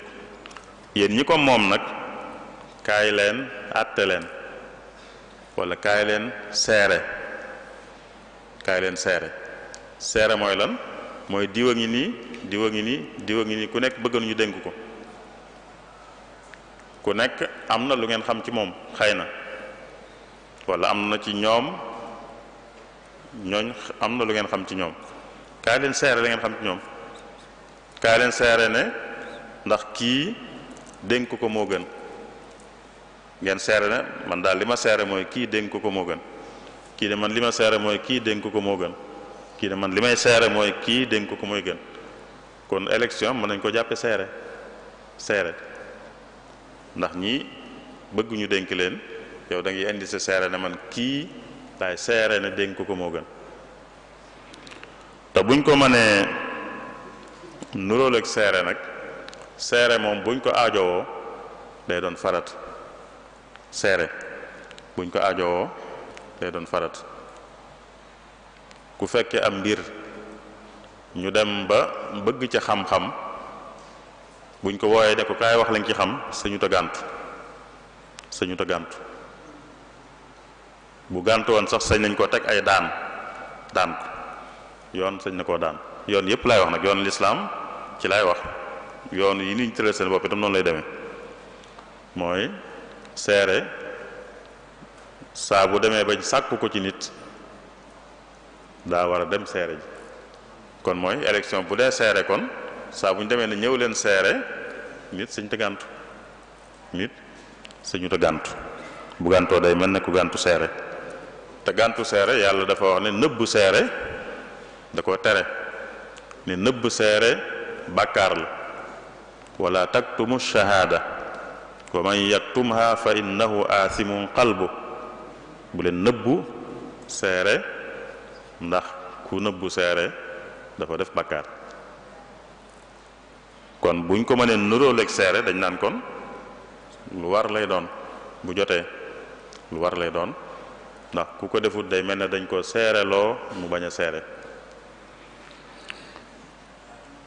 yéen ñi ko moom nag kaay leen àtte leen wala kaay leen seere kaay leen seere seere mooy lan mooy diwa ngi nii diwa ngi nii diwa ngi nii ku nekk bëgg nañu dénk ko ku nekk am na lu ngeen xam ci moom xëy na wala am na ci ñoom ñooñ am na lu ngeen xam ci ñoom kaay leen seere la ngeen xam ci ñoom kaay leen seere ne ndax kii dénk ko moo gën ngeen seere ne man daal li ma seere mooy kii dénk ko moo gën kii de man li ma seere mooy kii dénk ko moo gën kii de man li may seere mooy kii dénk ko mooy gën kon élection mën nañ ko jàppe seere seere ndax ñii bëgguñu dénk leen yow da indi sa seere ne man kii waaye seere na dénk ko moo gën te buñ ko mënee nuróol ak seere nag seere moom buñ ko aajowoo day doon farat seere buñ ko aajowoo day doon farat ku fekkee am mbir ñu dem ba bëgg ca xam-xam buñ ko wooyee ne ko kaay wax lañ ci xam sañu ta gàntu sañu ta gàntu bu gàntu woon sax sañ nañ koo teg ay daan daan ko yoon sañ na koo daan yoon yëpp laay wax nag yoon lislaam ci laay wax yoon yi niñ tëral seen bopp itam noonu lay demee mooy seere saa bu demee bañ sàkku ko ci nit daa war a dem seere ji kon mooy élection bu dee seere kon saa bu ñu demee na ñëw leen seere nit sañ te gàntu nit sañu te bu gàntoo day mën na ko gantu seere te seere yàlla dafa wax ne nëbb seere da ko tere ne nëbb seere bàkkaar la wala taktumu shahaada wa man yaktumha fa innahu aasimun qalbu bu leen nëbbu seere ndax ku nëbbu seere dafa def bàkkaar kon buñ ko mënee nuróoleeg seere dañ naan kon lu war lay doon bu jotee lu war lay doon ndax ku ko defut day mel ne dañ koo seere loo mu bañ a seere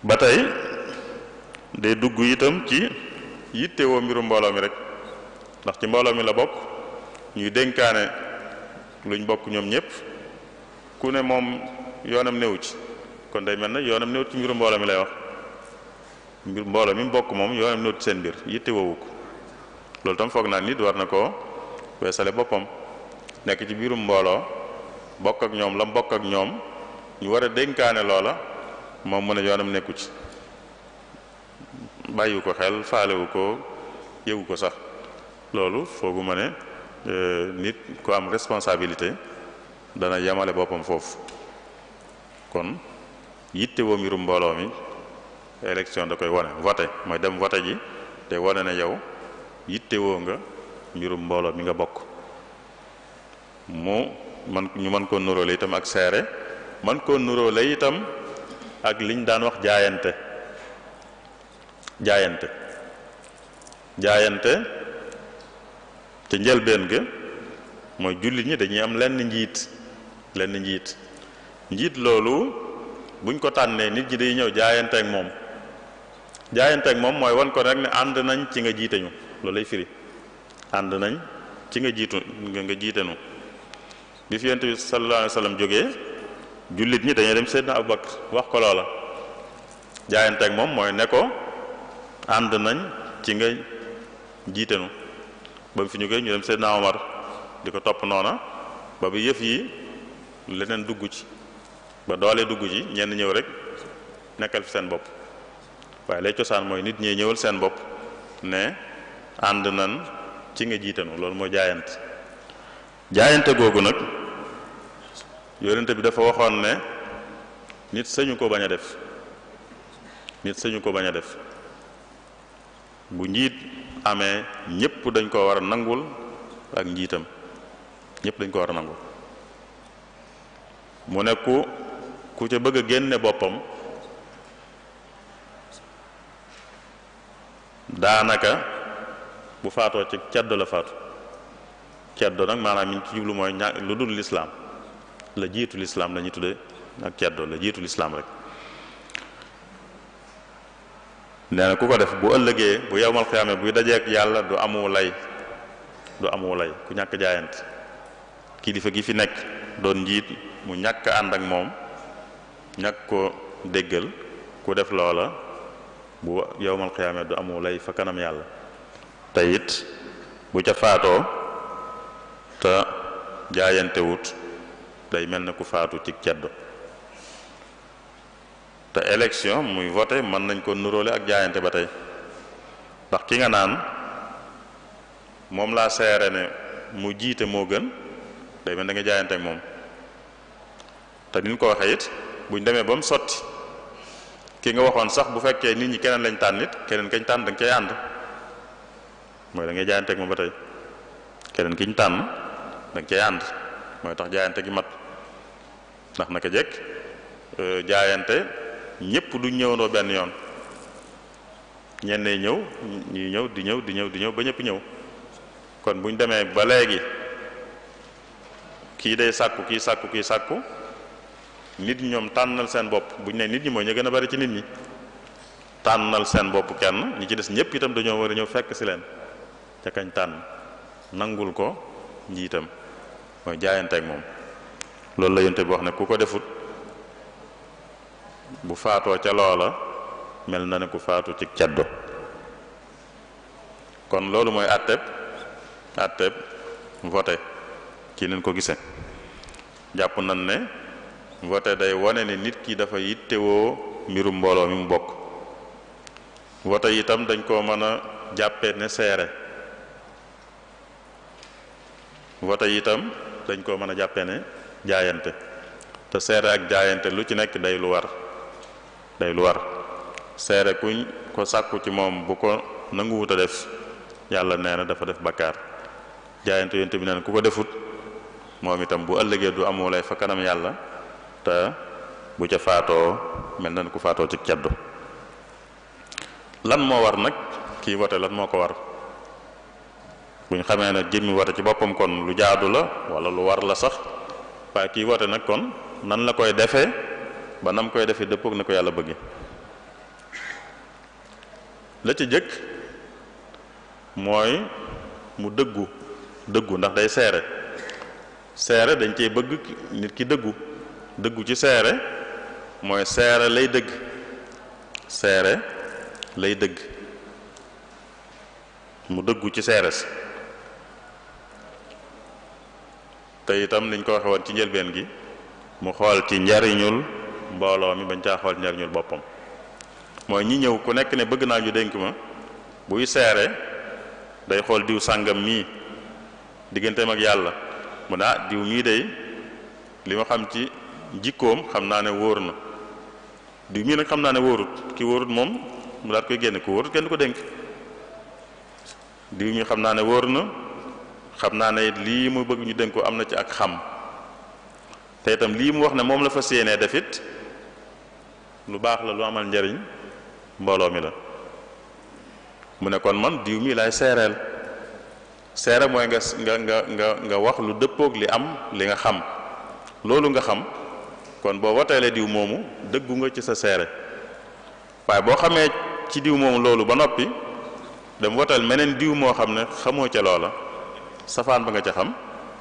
ba tey day dugg itam ci yittewoo mbiru mbooloo mi rek ndax ci mbooloo mi la bokk ñuy dénkaane luñ bokk ñoom ñëpp ku ne moom yoonam néew ci kon day mel ne yoonam néew ci mbiru mbooloo mi lay wax mbir mbooloo mi bokk moom yoonam néew ci seen mbir yittewoowu ko loolu tam foog naa nit war na koo weesale boppam nekk ci biirum mbooloo bokk ak ñoom la mbokk ak ñoom ñu war a dénkaane loola moom mu ne yoonam nekku ci bàyyiwu ko xel faalewu ko yëgu ko sax loolu foogu ma ne euh, nit ku am responsabilité dana yemale boppam foofu kon yitte woo mbirum mbooloo mi élection da koy wane vote mooy dem vote ji te wane na yow yitte woo nga mbirum mbooloo mi nga bokk mu man mën koo nuróole itam ak seere man koo nuróole itam ak liñ daan wax jaayante jaayante jaayante te njëlbeen ga mooy jullit ñi dañuy am lenn njiit lenn njiit njiit loolu buñ ko tànnee nit ñi day ñëw jaayante moom jaayante moom mooy wan ko rek ne ànd nañ ci nga jiite ñu loolay firi ànd nañ ci nga jiitu nga jiite ñu bi fi yonent bi sallallahu alayhi wa jullit ñi dañuy dem Seydina Abubakar wax ko loola jaayante ak moom mooy ne ko ànd nañ ci nga jiitenu ba mu fi ñu koy ñu dem Seydina amar di ko topp noona ba bi yëf yi leneen dugg ci ba doole dugg ci ñenn ñëw rek nekkal fi seen bopp waaye lay cosaan mooy nit ñi ñëwal seen bopp ne ànd nañ ci nga jiitanu loolu mooy jaayante jaayante googu nag yonente bi dafa waxoon ne nit sañu ko bañ a def nit sañu ko bañ a def bu njiit amee ñépp dañ ko war a nangul ak njiitam ñépp dañ ko war a nangul mu ne ku ku ca bëgg a génne boppam daanaka bu faatoo ci ceddo la faatu ceddo nag maanaam ñu ci jublu mooy ña lu dul lislaam la jiitu lislaam la ñu tudde ak ceddoo la jiitu lislaam rek nee na ku ko def bu ëllëgee bu yowmal xiyaame buy dajeek yàlla du amu lay du amu lay ku ñàkk jaayante kilifa gi fi nekk doon njiit mu ñàkk ànd ak moom ñàkk ko déggal ku def loola bu yowmal xiyaame du amu lay fa kanam yàlla te bu ca faatoo te jaayante wut day mel ne ku faatu ci ceddo te élection muy voté mën nañ ko nuróole ak jaayante ba tey ndax ki nga naan moom laa seere ne mu jiite moo gën day mel da nga jaayante ak moom te ni ñu ko waxee buñ demee ba mu sotti ki nga waxoon sax bu fekkee nit ñi keneen lañ tànn keneen kañ tànn da nga ànd mooy dangay ngay jaayante ak moom ba tey keneen kiñ tànn da nga ànd mooy tax jaayante gi mat ndax naka jekk euh, jaayante ñépp du ñëwandoo benn yoon ñenn ñi ñëw ñu ñëw di ñëw di ñëw di ñëw ba ñëpp ñëw kon bu ñu demee ba léegi kii day sàkku kii sàkku kii sàkku nit ñi ñoom tànnal seen bopp bu ñu nee nit ñi mooy ñu gën a bari ci nit ñi tànnal seen bopp kenn ñi ci des ñëpp itam dañoo war a ñëw fekk si leen ca kañ tànn nangul ko njiitam mooy jaayanteeg moom. loolu la yonte bi wax ne ku ko defut bu faatoo ca loola mel na ne ku faatu ci caddo kon loolu mooy àtteeb àtteeb vote ci leen ko gise jàpp nan ne vote day wone ne nit ki dafa yittewoo mbirum mbooloo mi mu bokk vote itam dañ koo mën a jàppe ne seere vote itam dañ koo mën a jàppe ne jaayante te seere ak jaayante lu ci nekk day lu war day lu war seere kuñ ko sàkku ci moom bu ko nanguwut a def yàlla nee na dafa def bakkaar jaayante yonte bi nee na ku ko defut moom itam bu ëllëgee du amoo ay fa kanam yàlla te bu ca faatoo mel nañ ku faatoo ci caddu lan moo war nag kii wote lan moo ko war buñ xamee ne jëmmi wote ci boppam kon lu jaadu la wala lu war la sax waaye kii woote nag kon nan la koy defee ba nam koy defee dëppook na ko yàlla bëgge la ci jëkk mooy mu dëggu dëggu ndax day seere seere dañ cey bëgg nit ki dëggu dëggu ci seere mooy seere lay dëgg seere lay dëgg mu dëggu ci seere si tey itam niñ ko waxe woon ci njëlbeen gi mu xool ci njariñul mbooloo mi bañ caa xool njariñul boppam mooy ñi ñëw ku nekk ne bëgg naa ñu dénk ma buy seere day xool diw sàngam mii digganteem ak yàlla mu ne ah diw mii day li ma xam ci jikkoom xam naa ne wóor na diw mii nag xam naa ne wóorut ki wóorut moom mu daat koy génn ku wóorut kenn ko dénk diw mii xam naa ne wóor na xamna ne li mu bëgg ñu dénk ko am ci ak xam te tam li mu wax ne mom la fas yéenee def lu bax la lu amal ndariñ mbolo mi la mu ne kon man diiw mi lay seereel séra moy nga nga nga nga wax lu deppok li am li nga xam lolu nga xam kon bo woteelee diiw momu dëggu nga ci sa séré way bo xamé ci diiw momu lolu ba nopi dem woteel menen diiw mo xamne ne xamoo ca loola safaan ba nga ca xam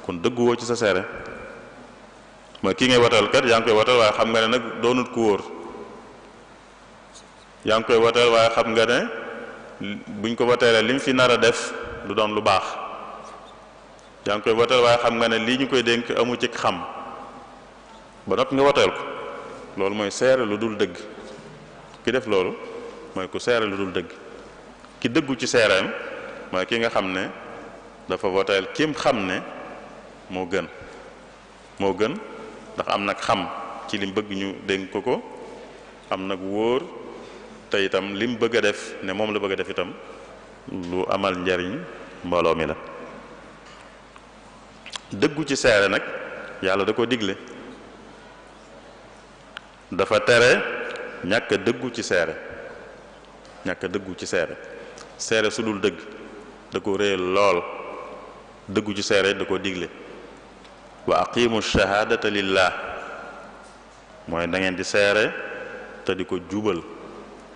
kon dëgguwoo ci sa seere mooy kii ngay watal kat yaa ngi koy watal waaye xam nga ne nag doonut ku wóor koy watal waaye xam nga ne buñ ko woteelee li mu fi nar a def du doon lu baax yaa ngi koy watal waaye xam nga ne lii ñu koy dénk amu ci xam ba noppi nga woteel ko loolu mooy seere lu dul dëgg ki def loolu mooy ku seere lu dul dëgg ki dëggu ci seereem mooy ki nga xam ne dafa woteel kim xam ne moo gën moo gën ndax am nag xam ci lim bëgg ñu dénk ko ko am nag wóor te itam lim bëgg a def ne moom la bëgg a def itam lu amal njariñ mbooloo mi la dëggu ci seere nag yàlla da ko digle dafa tere ñàkk a dëggu ci seere ñàkk dëggu ci seere seere su dul dëgg da ko réel lool deggu ci séré da koo digle wa aqimu shahadata lillah moy da ngeen di séré te diko djubal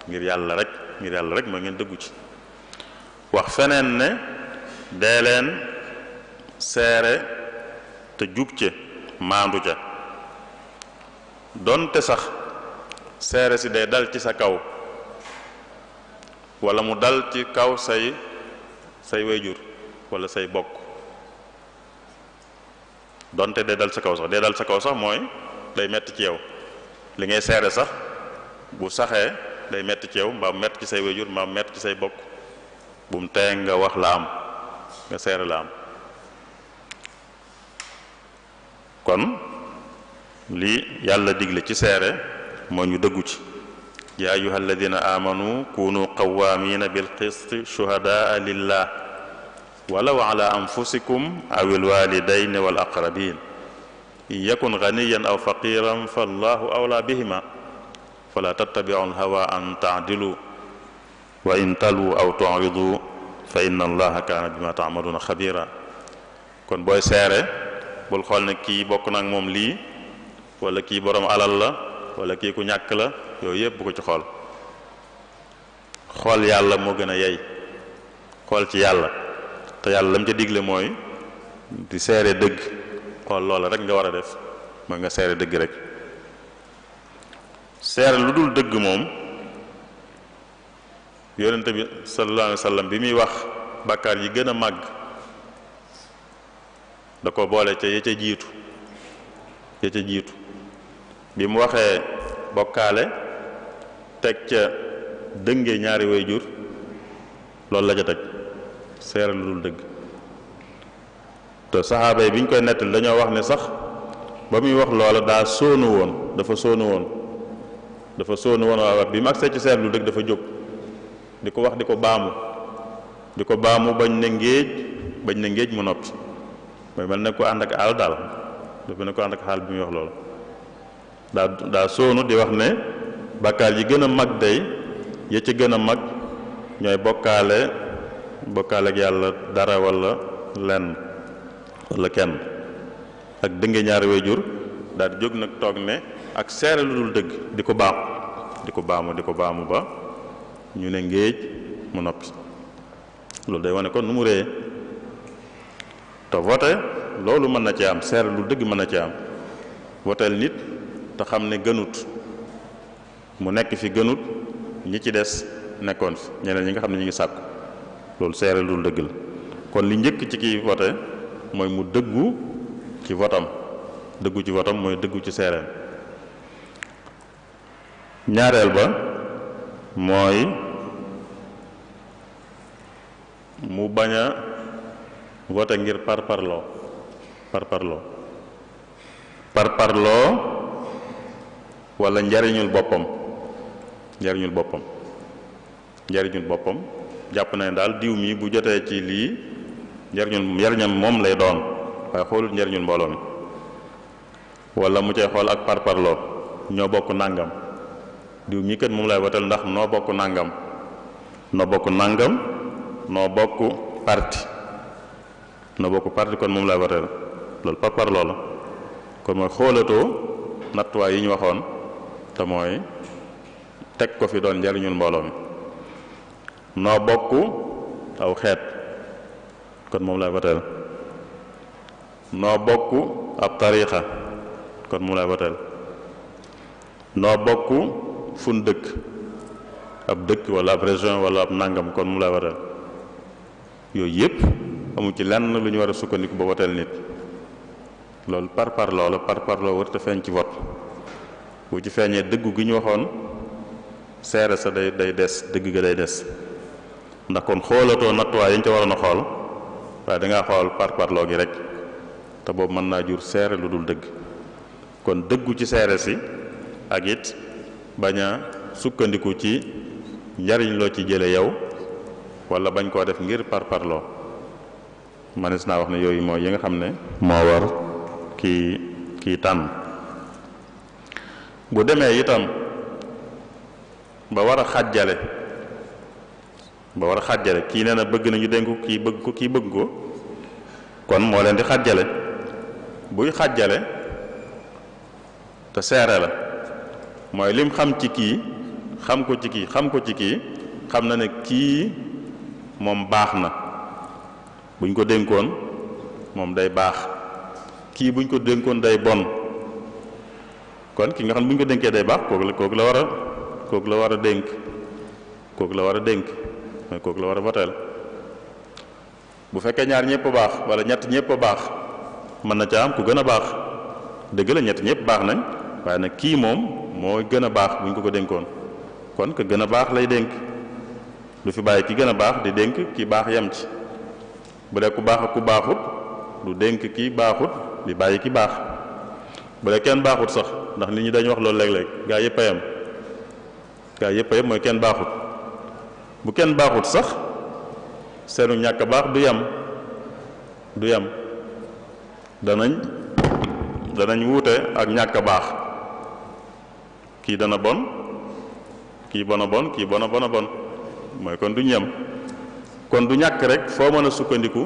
ngir yalla rek ngir yalla rek ma ngeen deggu ci wax fenen ne dee leen te donte sax séré si day dal ci sa kaw wala mu dal ci kaw say say wayjur wala say bokk donte day dal sa kaw sax de dal sa kaw sax mooy day metti ci yow li ngay seere sax bu saxee day metti ci yow mbaa metti ci say wéjur ci say bokk bu mu tee nga wax la am nga seere la am kon lii yàlla digle ci seere moo ñu dëggu ci ya ayyuha alladina amanu kunu qawamina bil qist shuhadaa lillah ولو على أنفسكم أو الوالدين والأقربين إن يكن غنيا أو فقيرا فالله أولى بهما فلا تتبعوا الهوى أن تعدلوا وإن تلوا أو تعرضوا فإن الله كان بما تعملون خبيرا كون بوي سيري بول خول ne كي بوك nag موم لي ولا كي بروم علال لا ولا كي كو نياك لا يوي yëpp bu ko خول xool xool yàlla moo gën a yey te yàlla lam ca digle mooy di seere dëgg xool loola rek nga war a def mooy nga seere dëgg rek seere lu dul dëgg moom yonente bi sallallahu alayhi bi muy wax bàkkaar yi gën a màgg da ko boole ca ya ca jiitu ya jiitu bi mu waxee bokkaale teg ca dënge ñaari way jur loolu la ca teg seere lu dul dëgg te saxaaba yi bi ñu koy nettali dañoo wax ne sax ba muy wax loola daa sóonu woon dafa sóonu woon dafa sóonu woon waaw bi mu agsee ci seere lu dëgg dafa jóg di ko wax di ko baamu di ko baamu bañ ne ngéej bañ ne ngéej noppi mooy mel ne ko ànd ak daal dafa ne ko ànd ak muy wax loolu daa sóonu di wax ne bàkkaar yi gën a mag day ya ci gën a mag ñooy bokkaale bokal ak yalla dara wala len wala kenn ak dënge ñaar wayjur dal di jóg nag ne ak seere lu dul di baam di baamu di baamu ba ñu ne ngeej mu nopi lool day wone kon numu mu to voté loolu mëna ci am seere lu dëgg mën ci am nit ta xamne gënut mu nekk fi gënut ñi ci des nekkon fi ñeneen ñi nga xamne ne ngi sakku loolu seere lu dul dëgg la kon li njëkk ci kiy vote mooy mu dëggu ci votam dëggu ci votam mooy dëggu ci seereem ñaareel ba mooy mu bañ a vote ngir parparloo parparloo parparloo walla njariñul boppam njariñul boppam njariñul boppam jàpp na ne daal diw mi bu jotee ci lii njariñul njariñam moom lay doon waaye xoolul njariñul mbooloo mi wala mu cay xool ak parparloo ñoo bokk nàngam diw mii kat moom lay watal ndax noo bokk nàngam noo bokk nàngam noo bokk parti noo bokk parti kon moom lay watal loolu parparloo la kon mooy xoolatoo nattuwaay yi ñu waxoon te mooy teg ko fi doon njariñul mbooloo mi noo bokk aw xeet kon moom lay wateel noo bokk ab tariixa kon moom lay wateel noo bokk fun dëkk ab dëkk walla ab région wala ab nàngam kon moom laay wateel yooyu yépp amu ci lenn lu ñu war a sukkandiku ba wateel nit loolu par par loola par par loo warta feeñ ci wot bu ci feeñee dëggu gi ñu waxoon seere sa day day des dëgg ga day des ndax kon xoolatoo nattuwaay yañ ca waroon a xool waaye da ngaa xool par parloo gi rek te boobu mën naa jur seere lu dul dëgg kon dëggu ci seere si ak it bañ a sukkandiku ci njariñ loo ci jële yow wala bañ koo def ngir par parloo manis naa wax ne yooyu mooy yi nga xam ne moo war kii kii tànn bu demee itam ba war a ba war a xàjjale kii nee na bëgg nañu dénk kii bëgg ko kii bëgg ko kon moo leen di xàjjale buy xàjjale te seere la mooy lim xam ci kii xam ko ci kii xam ko ci kii xam na ne kii moom baax na buñ ko dénkoon moom day baax kii buñ ko dénkoon day bon kon ki nga xam ne buñ ko dénkee day baax kooku la la war a kooku la war a dénk kooku la war a dénk mooy kooku la war a voteel bu fekkee ñaar ñëpp baax wala ñett ñëpp baax mën na caa am ku gën a baax dëgg la ñett ñëpp baax nañ waaye nag kii moom moo gën a baax bu ñu ko ko dénkoon kon ka gën a baax lay dénk lu fi bàyyi ki gën a baax di dénk ki baax yem ci bu dee ku baax ak ku baaxut du dénk ki baaxut di bàyyi ki baax bu dee kenn baaxut sax ndax nit ñi dañu wax loolu léeg-léeg gaa yëpp yem gaa yëpp mooy kenn baaxut bu kenn baaxut sax seenu ñàkk baax du yam du yam danañ danañ wuute ak ñàkk baax kii dana bon kii bona bon kii bona a bon mooy kon du ñam kon du ñàkk rekk foo mën a sukkandiku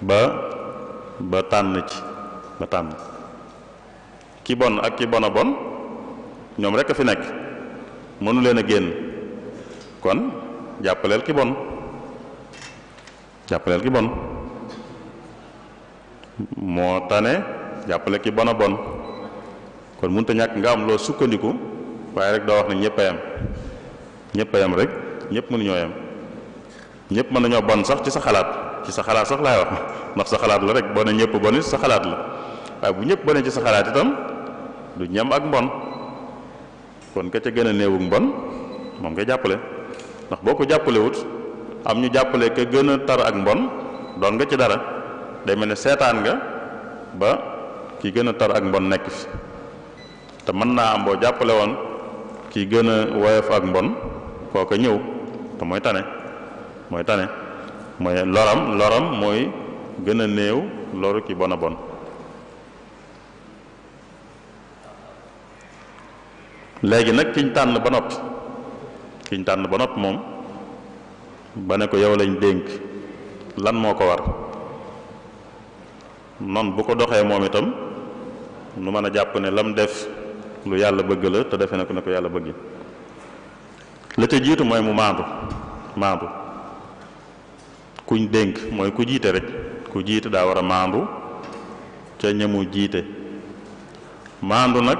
ba ba tànn ci ba tànn ki bon ak ki bona bon ñoom rek a fi nekk mënu leen a génn kon jappalel ki bon jappalel ki bon mo tane jappale ki bon a bon kon munta ñak nga am lo sukkandiku way rek do wax ni ñëpp a rek ñëpp mënuñoo yam ñepp mënu ñoo bon sax ci sa xalaat ci sa xalaat sax lay wax nak sa xalaat la rek boo ne bon sa xalaat la way bu ñepp bon ci sa xalaat itam du ñam ak bon kon ka ca gëna neewuk bon mom nga jappale ndax boo ko jàppalewut am ñu jàppale ke gën tar ak mbon doon nga ci dara day mel ne seetaan nga ba ki gën a tar ak mbon nekk fi te mën naa am boo jàppale woon ki gën a woyof ak mbon kooka ñëw te mooy tane mooy mooy loram loram mooy gën a néew loru ki bon a bon léegi nag kiñ tànn ba noppi kiñ tànn ba noppi moom ba ne ko yow lañ dénk lan moo ko war noonu bu ko doxee moom itam nu mën a jàpp ne lam def lu yàlla bëgg la te defe na ko ne ko yàlla bëgg la ca jiitu mooy mu maandu maandu kuñ dénk mooy ku jiite rek ku jiite daa war a maandu ca ñamu jiite maandu nag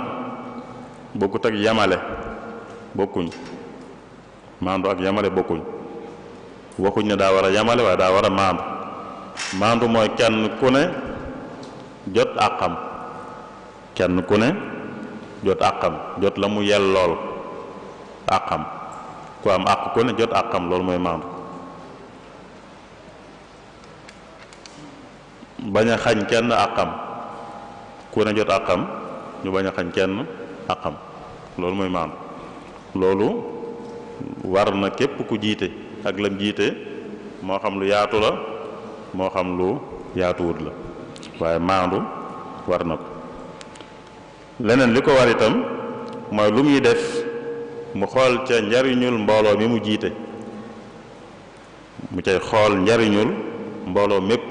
bokkut ak yamale bokkuñ maandu ak yamale bokkuñ waxuñ ne da wara yamale wa da wara a maandu maandu kenn ku ne jot akam kenn ku ne jot akam jot lamu yel lol akam ku am ak ku ne jot akam lol moy maandu baña xagn kenn akam ku ne jot akam ñu baña xagn kenn akam lol moy maandu lolou war na képp ku jiite ak lam jiite moo xam lu yaatu la moo xam lu yaatuwut la waaye maandu war na ko leneen li ko war itam mooy lu muy def mu xool ca njariñul mbooloo mi mu jiite mu cay xool njariñul mbooloo mépp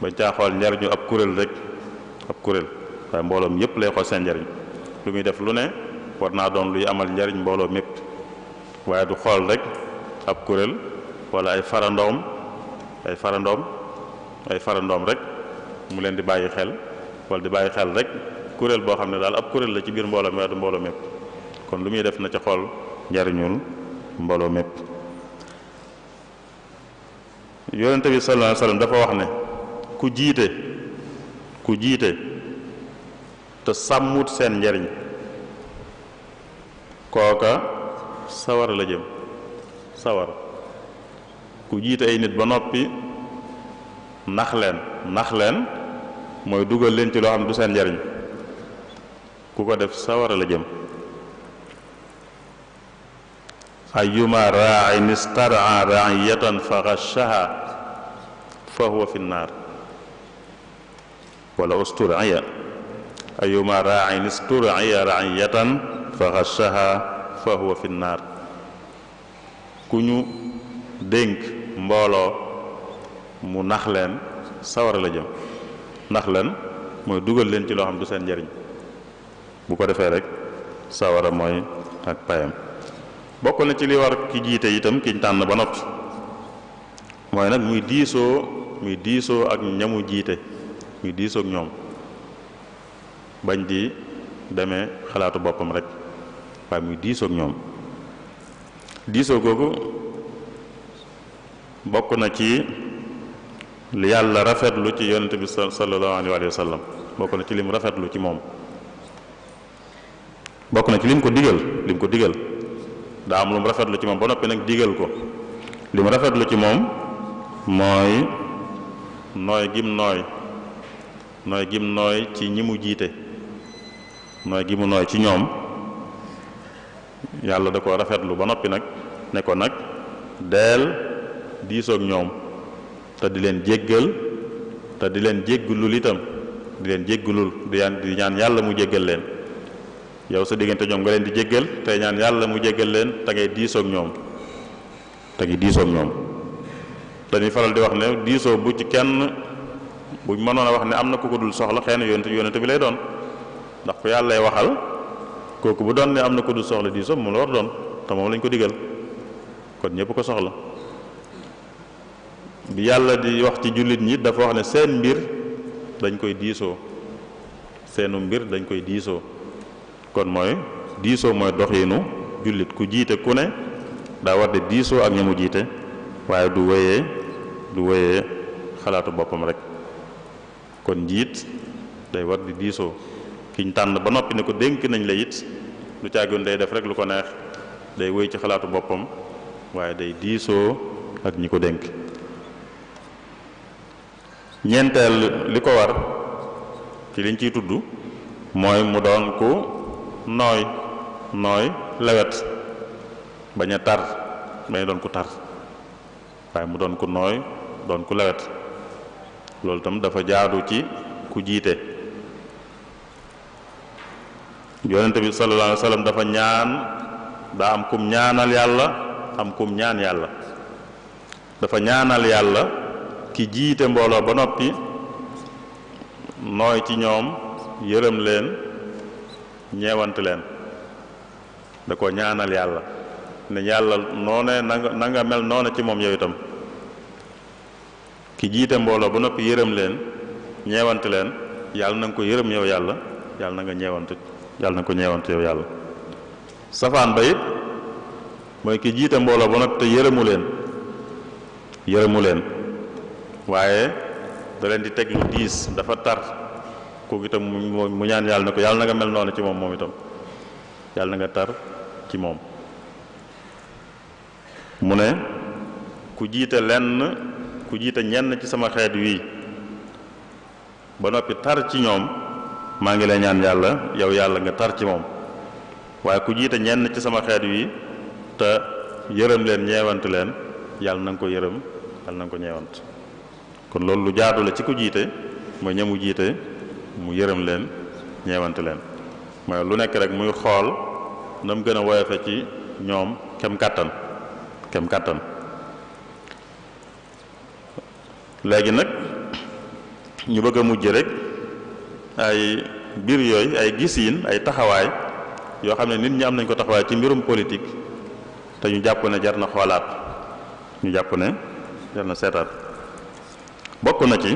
bañ caa xool njariñu ab kuréel rek ab kuréel waaye mbooloom yépp lay xool seen njariñ lu muy def lu ne war naa doon luy amal njariñ mbooloo mépp waaye du xool rek ab kuréel walla ay farandoom ay farandoom ay farandoom rek mu leen di bàyyi xel wala di bàyyi xel rek kuréel boo xam ne daal ab kuréel la ci biir mbooloo mi waaye kon lu muy def na ca xool njariñul mbooloo mépp yonente bi sallallahu alayhi wasallam dafa wax ne ku jiite ku jiite te sàmmut seen njariñ kooka sawar la jëm sawar ku jiite ay nit ba nopi nax len nax len moy duggal len ci lo xam du sen njariñ ku ko def sawar la jëm ayuma ra'in istara'a ra'iyatan fa ghashaha fa huwa fi wala ustura'a ayyuma ra'in istura'iya ra'iyatan fa ghashaha fa huwa naar ku ñu dénk mbooloo mu nax leen sawara la jëm nax leen mooy dugal leen ci loo xam du seen njariñ bu ko defee rek sawara mooy ak payam bokk na ci li war ki jiite itam kiñ tànn ba noppi mooy nag muy diisoo muy diisoo ak ñamu jiite muy diisoo ñoom bañ di demee xalaatu boppam rek waaye muy diisoog ñoom diisoo googu bokk na ci li yàlla rafetlu ci yonent bi sallallahu alayhi wa sallam bokk na ci lim rafetlu ci moom bokk na ci lim ko digal lim ko digal daa am lu mu rafetlu ci moom ba noppi nag digal ko lim rafetlu ci moom mooy nooy gim nooy nooy gim nooy ci ñi mu jiite nooy gi mu nooy ci ñoom yàlla da ko rafetlu ba noppi nag ne ko nag deel diisoog ñoom te di leen jéggal te di leen jéggalul itam di leen jéggalul di di ñaan yàlla mu jéggal leen yow sa diggante ñoom nga leen di jéggal tey yàlla mu jéggal leen te ngay diisoog ñoom te ngi diisoog ñoom dañuy faral di wax ne diisoo bu kenn bu mënoon a wax ne am na ku ko dul soxla xëy na yonent yonent bi lay doon ndax ku yàlla waxal kooku bu doon nee am na ko du soxla diisoo moom la war doon te moom lañ ko digal kon ñëpp ko soxla bi yàlla di wax ci jullit ñi dafa wax ne seen mbir dañ koy diisoo seenu mbir dañ koy diisoo kon mooy diisoo mooy doxiinu jullit ku jiite ku ne daa war di diisoo ak ñamu jiite waaye du wéyee du wéyee xalaatu boppam rek kon njiit day war di diisoo kiñ tànn ba noppi ne ko dénk nañ la it lu caagoon day def rek lu ko neex day wéy ci xalaatu boppam waaye day diisoo ak ñi ko dénk ñeenteel li ko war ci liñ ciy tudd mooy mu doon ku nooy nooy lawet bañ a tar bañ a doon ku tar waaye mu doon ku nooy doon ku lewet loolu tam dafa jaadu ci ku jiite yonente bi sallallahu alayhi wa sallam dafa ñaan daa am kum ñaanal yàlla am kum ñaan yàlla dafa ñaanal yàlla ki jiite mbooloo ba noppi nooy ci ñoom yërëm leen ñeewante leen da ko ñaanal yàlla ne yàlla noone nanga na mel noone ci moom yow itam ki jiite mbooloo ba noppi yërëm leen ñeewante leen yàlla na ko yërëm yow yàlla yàlla na nga ñeewante yàlla na ko ñeewante yow yàlla safaan ba it mooy ki jiite mbooloo ba nag leen yërëmu leen waaye da leen di teg lu dafa tar kooku itam mu ñaan na yàlla na mel noonu ci moom moom itam yàlla na nga ci moom mu ne ku jiite ku jiite ñenn ci sama xeet wii ba noppi tar ci ñoom maa ngi lay ñaan yàlla yow yàlla nga tar ci moom waaye ku jiite ñenn ci sama xeet wi te yërëm leen ñeewant leen yàlla na nga ko yërëm yàlla na nga ko ñeewant kon loolu lu jaadu la ci ku jiite mooy ñamu jiite mu yërëm leen ñeewante leen mooy lu nekk rek muy xool na mu gën a woyofe ci ñoom kem kàttan kem kàttan léegi nag ñu bëgg a mujj rek ay mbir yooyu ay gisiin ay taxawaay yoo xam ne nit ñi am nañ ko taxawaay ci mbirum politique te ñu jàpp ne jar na xoolaat ñu jàpp ne jar na seetaat bokk na ci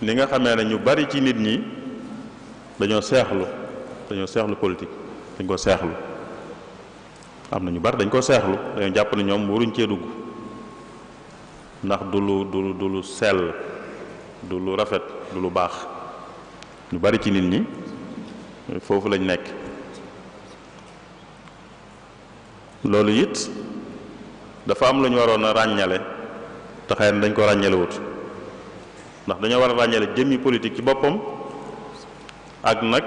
li nga xamee ne ñu bari ci nit ñi dañoo seexlu dañoo seexlu politik dañ ko seexlu am na ñu bari dañ koo seexlu dañoo jàpp ne ñoom waruñ cee dugg ndax du lu du lu du lu sell du lu rafet du lu baax lu bari ci nit ñi foofu lañu nekk loolu it dafa am lu ñu waroon a ràññale te dañ ko ràññalewut ndax dañoo war a ràññale jëmmi politique ci boppam ak nag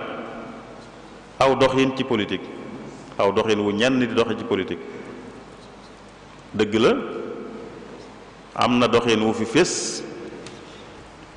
aw doxin ci politique aw doxin wu ñenn di doxe ci politique dëgg la am na doxin wu fi fés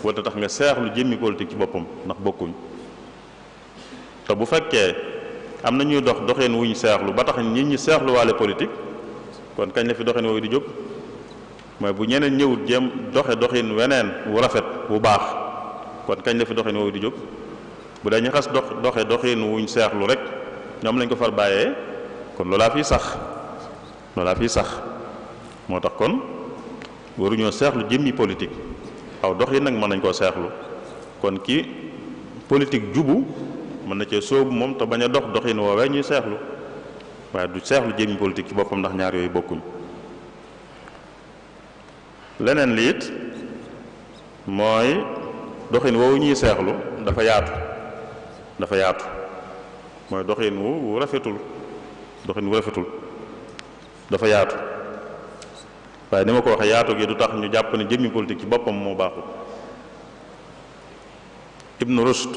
wala tax nga seexlu jëmmi politique ci bopam ndax bokkuñ ta bu féké amna ñuy dox doxeen wuñu seexlu ba tax nit ñi seexlu walé politique kon kañ la fi doxeen woowu di jog mooy bu ñeneen ñewut jéem doxé doxin wenen wu rafet wu baax kon kañ la fi doxeen woowu di jog bu dañu xas dox doxé doxin wuñu seexlu rek ñom lañ ko far bayé kon loola fi sax loola fi sax motax kon waruñoo seexlu jëmmi politique aw dox yi nag mën nañ koo seexlu kon ki politique jubu mën na cee sóobu moom te bañ a dox doxin yi woowee ñuy seexlu waaye du seexlu jéemi politique ci boppam ndax ñaar yooyu bokkuñ leneen li it mooy doxin woowu ñuy seexlu dafa yaatu dafa yaatu mooy doxin wu rafetul doxin wu rafetul dafa yaatu waaye ni ma ko waxee yaatu gi du tax ñu jàpp ne jëmmi politique ci boppam moo baaxul ibnu rushd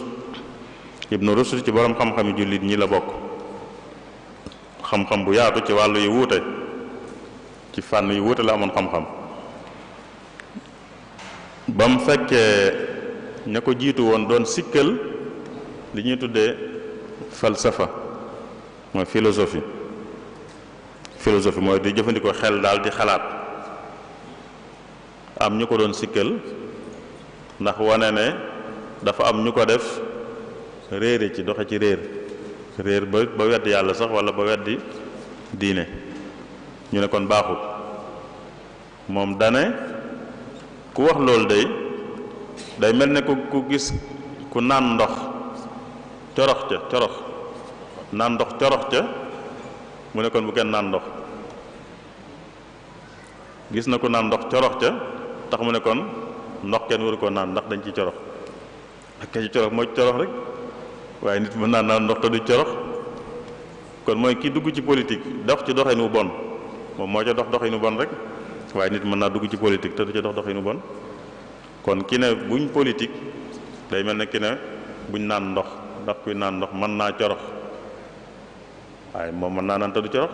ibnu rushd ci borom xam-xami jullit ñi la bokk xam-xam bu yaatu ci wàllu yi wuute ci fànn yi wuute la amoon xam-xam ba fekkee ña ko jiitu woon doon sikkal li ñuy tuddee falsafa mooy philosophie philosophie mooy di jëfandikoo xel daal di xalaat am ñu ko doon sikkal ndax wane ne dafa am ñu ko def réer réere ci doxe ci réer réer ba ba weddi yàlla sax wala ba weddi diine ñu ne kon baaxul moom dane ku wax lool day day mel ne ku ku gis ku naan ndox corox ca corox naan ndox corox ca mu ne kon bu kenn naan ndox gis na ku naan ndox corox ca tax mu ne kon ndox kenn waru koo naan ndax dañ ci corox ak ci corox moo ci corox rek waaye nit mën naa naan ndox te du corox kon mooy kii dugg ci politique dox ci doxin wu bon moom moo ca dox doxinu bon rek waaye nit mën naa dugg ci politique te du ca dox doxinu bon kon ki ne buñ politique day mel ne ki ne buñ naan ndox ndax kuy naan ndox mën naa corox waaye moom mën naa naan te du corox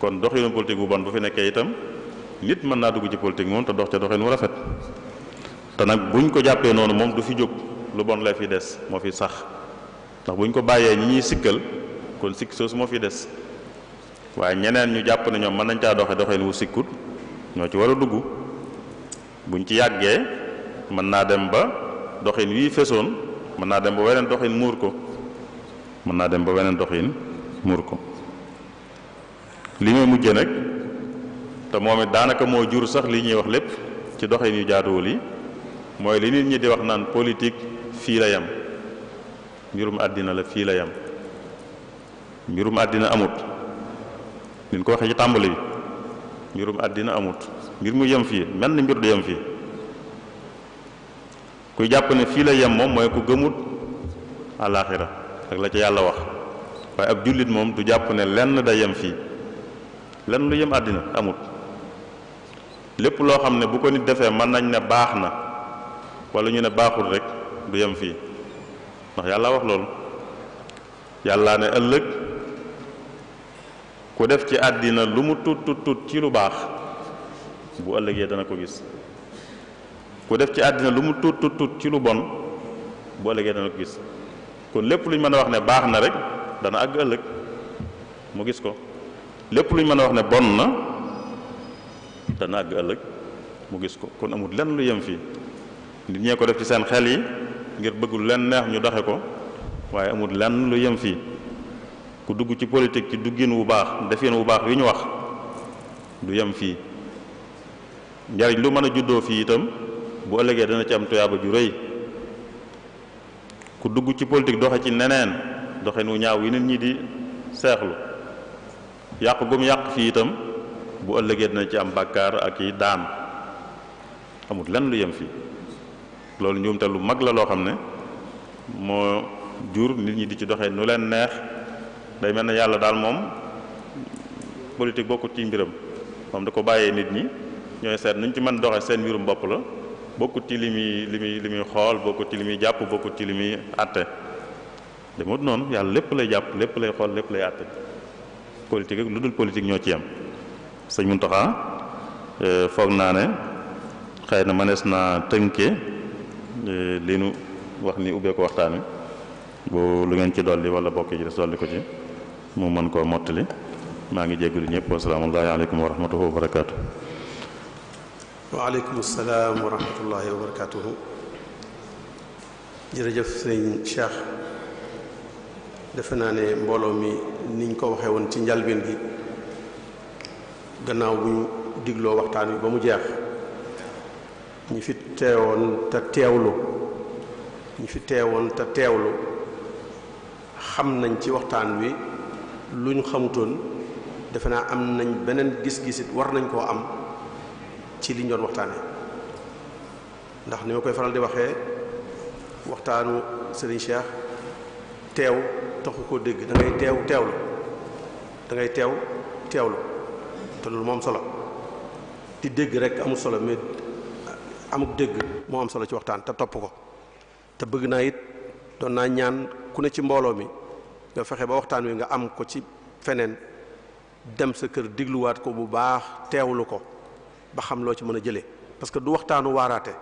kon doxinu politique bu bon bu fi nekkee itam nit mën naa dugg ci politique moom te dox ca doxin wu rafet te nag buñ ko jàppee noonu moom du fi jóg lu bon la fi des moo fi sax ndax buñ ko bàyyee ñi ñuy sikkal kon sikk soosu moo fi des waaye ñeneen ñu jàpp ne ñoom mën nañ caa doxe doxin wu sikkut ñoo ci war a dugg buñ ci yàggee mën naa dem ba doxin wii fesoon mën naa dem ba weneen doxin muur ko mën naa dem ba weneen doxin muur ko li may mujjee nag te momit danaka mo jur sax li ñi wax lepp ci doxin ñu jaaduwul li moy li nit ñi di wax naan politique fi la yam mbirum adina la fi la yam mbirum adina amut ñu ko waxe ci tambali mbirum amut mbir mu yam fi mel ni mbir du yam fi kuy japp ne fi la yam mom moy ku gemut alakhirah ak la ci yalla wax way ab julit mom du japp ne lenn da yam fi lenn lu yam adina amut lépp loo xam ne bu ko nit defee mën nañ ne baax na walla ñu ne baaxul rek du yem fii ndax yàlla wax loolu yàlla ne ëllëg ku def ci àddina lu mu tut tut ci lu baax bu ëllëgee dana ko gis ku def ci àddina lu mu tut ci lu bon bu ëllëgee dana ko gis kon lépp lu ñu mën a wax ne baax na rek dana àgg ëllëg mu gis ko lépp lu ñu mën a wax ne bon na dana àgg ëllëg mu gis ko kon amul lenn lu yem fii nit ñee ko def ci seen xel yi ngir bëggul leen neex ñu doxe ko waaye amul lenn lu yem fii ku dugg ci politique ci duggin wu baax defin wu baax wi ñu wax lu yem fii njariñ lu mën a juddoo fii itam bu ëllëgee dana ci am tuyaaba ju rëy ku dugg ci politique doxe ci neneen doxe nu ñaaw yi nit ñi di seexlu yàq gu yàq fii itam bu ëllëgee dina ci am bàkkaar ak i daan amul lan lu yem fii loolu ñoom lu mag la loo xam ne moo jur nit ñi di ci doxe nu leen neex day mel ne yàlla daal moom politique bokkut ci mbiram moom da ko bàyyee nit ñi ñooy seet nuñ ci mën doxee seen mbirum bopp la bokkut ci li muy li muy li muy xool bokkut ci li muy jàpp bokkut ci li muy àtte demut noonu yàlla lépp lay jàpp lépp lay xool lépp lay àtte politique lu dul politique ñoo ci yem sëñ Muntaxa e, foog naa ne xëy na mënees naa tënke e, li nu wax ni ubbee ko waxtaan wi bu lu ngeen ci dolli wala bokk ci des dolli ko ci mu mën koo mottali maa ngi jégalu ñëpp wasalaamullahi aleykum wa rahmatuhu wa barakaatu. waaleykum salaam wa rahmatullahi wa barakaatu. jërëjëf sëñ Cheikh defe naa ne mbooloo mi niñ ko waxee woon ci njalbeen gi. gannaaw bu ñu digloo waxtaan wi ba mu jeex ñu fi teewoon te teewlu ñu fi teewoon te teewlu xam nañ ci waxtaan wi lu ñu xamutoon defe naa am nañ beneen gis-gisit war nañ koo am ci liñ doon waxtaane ndax ni ma koy faral di waxee waxtaanu Serigne Cheikh teew taxu koo dégg da teew teewlu dangay teew teewlu te loolu moom solo di dégg rek amul solo mais amuk dégg moo am solo ci waxtaan te topp ko te bëgg naa it doon naa ñaan ku ne ci mbooloo mi nga fexe ba waxtaan wi nga am ko ci feneen dem sa kër digluwaat ko bu baax teewlu ko ba xam loo ci mën a jëlee parce que du waxtaanu waaraate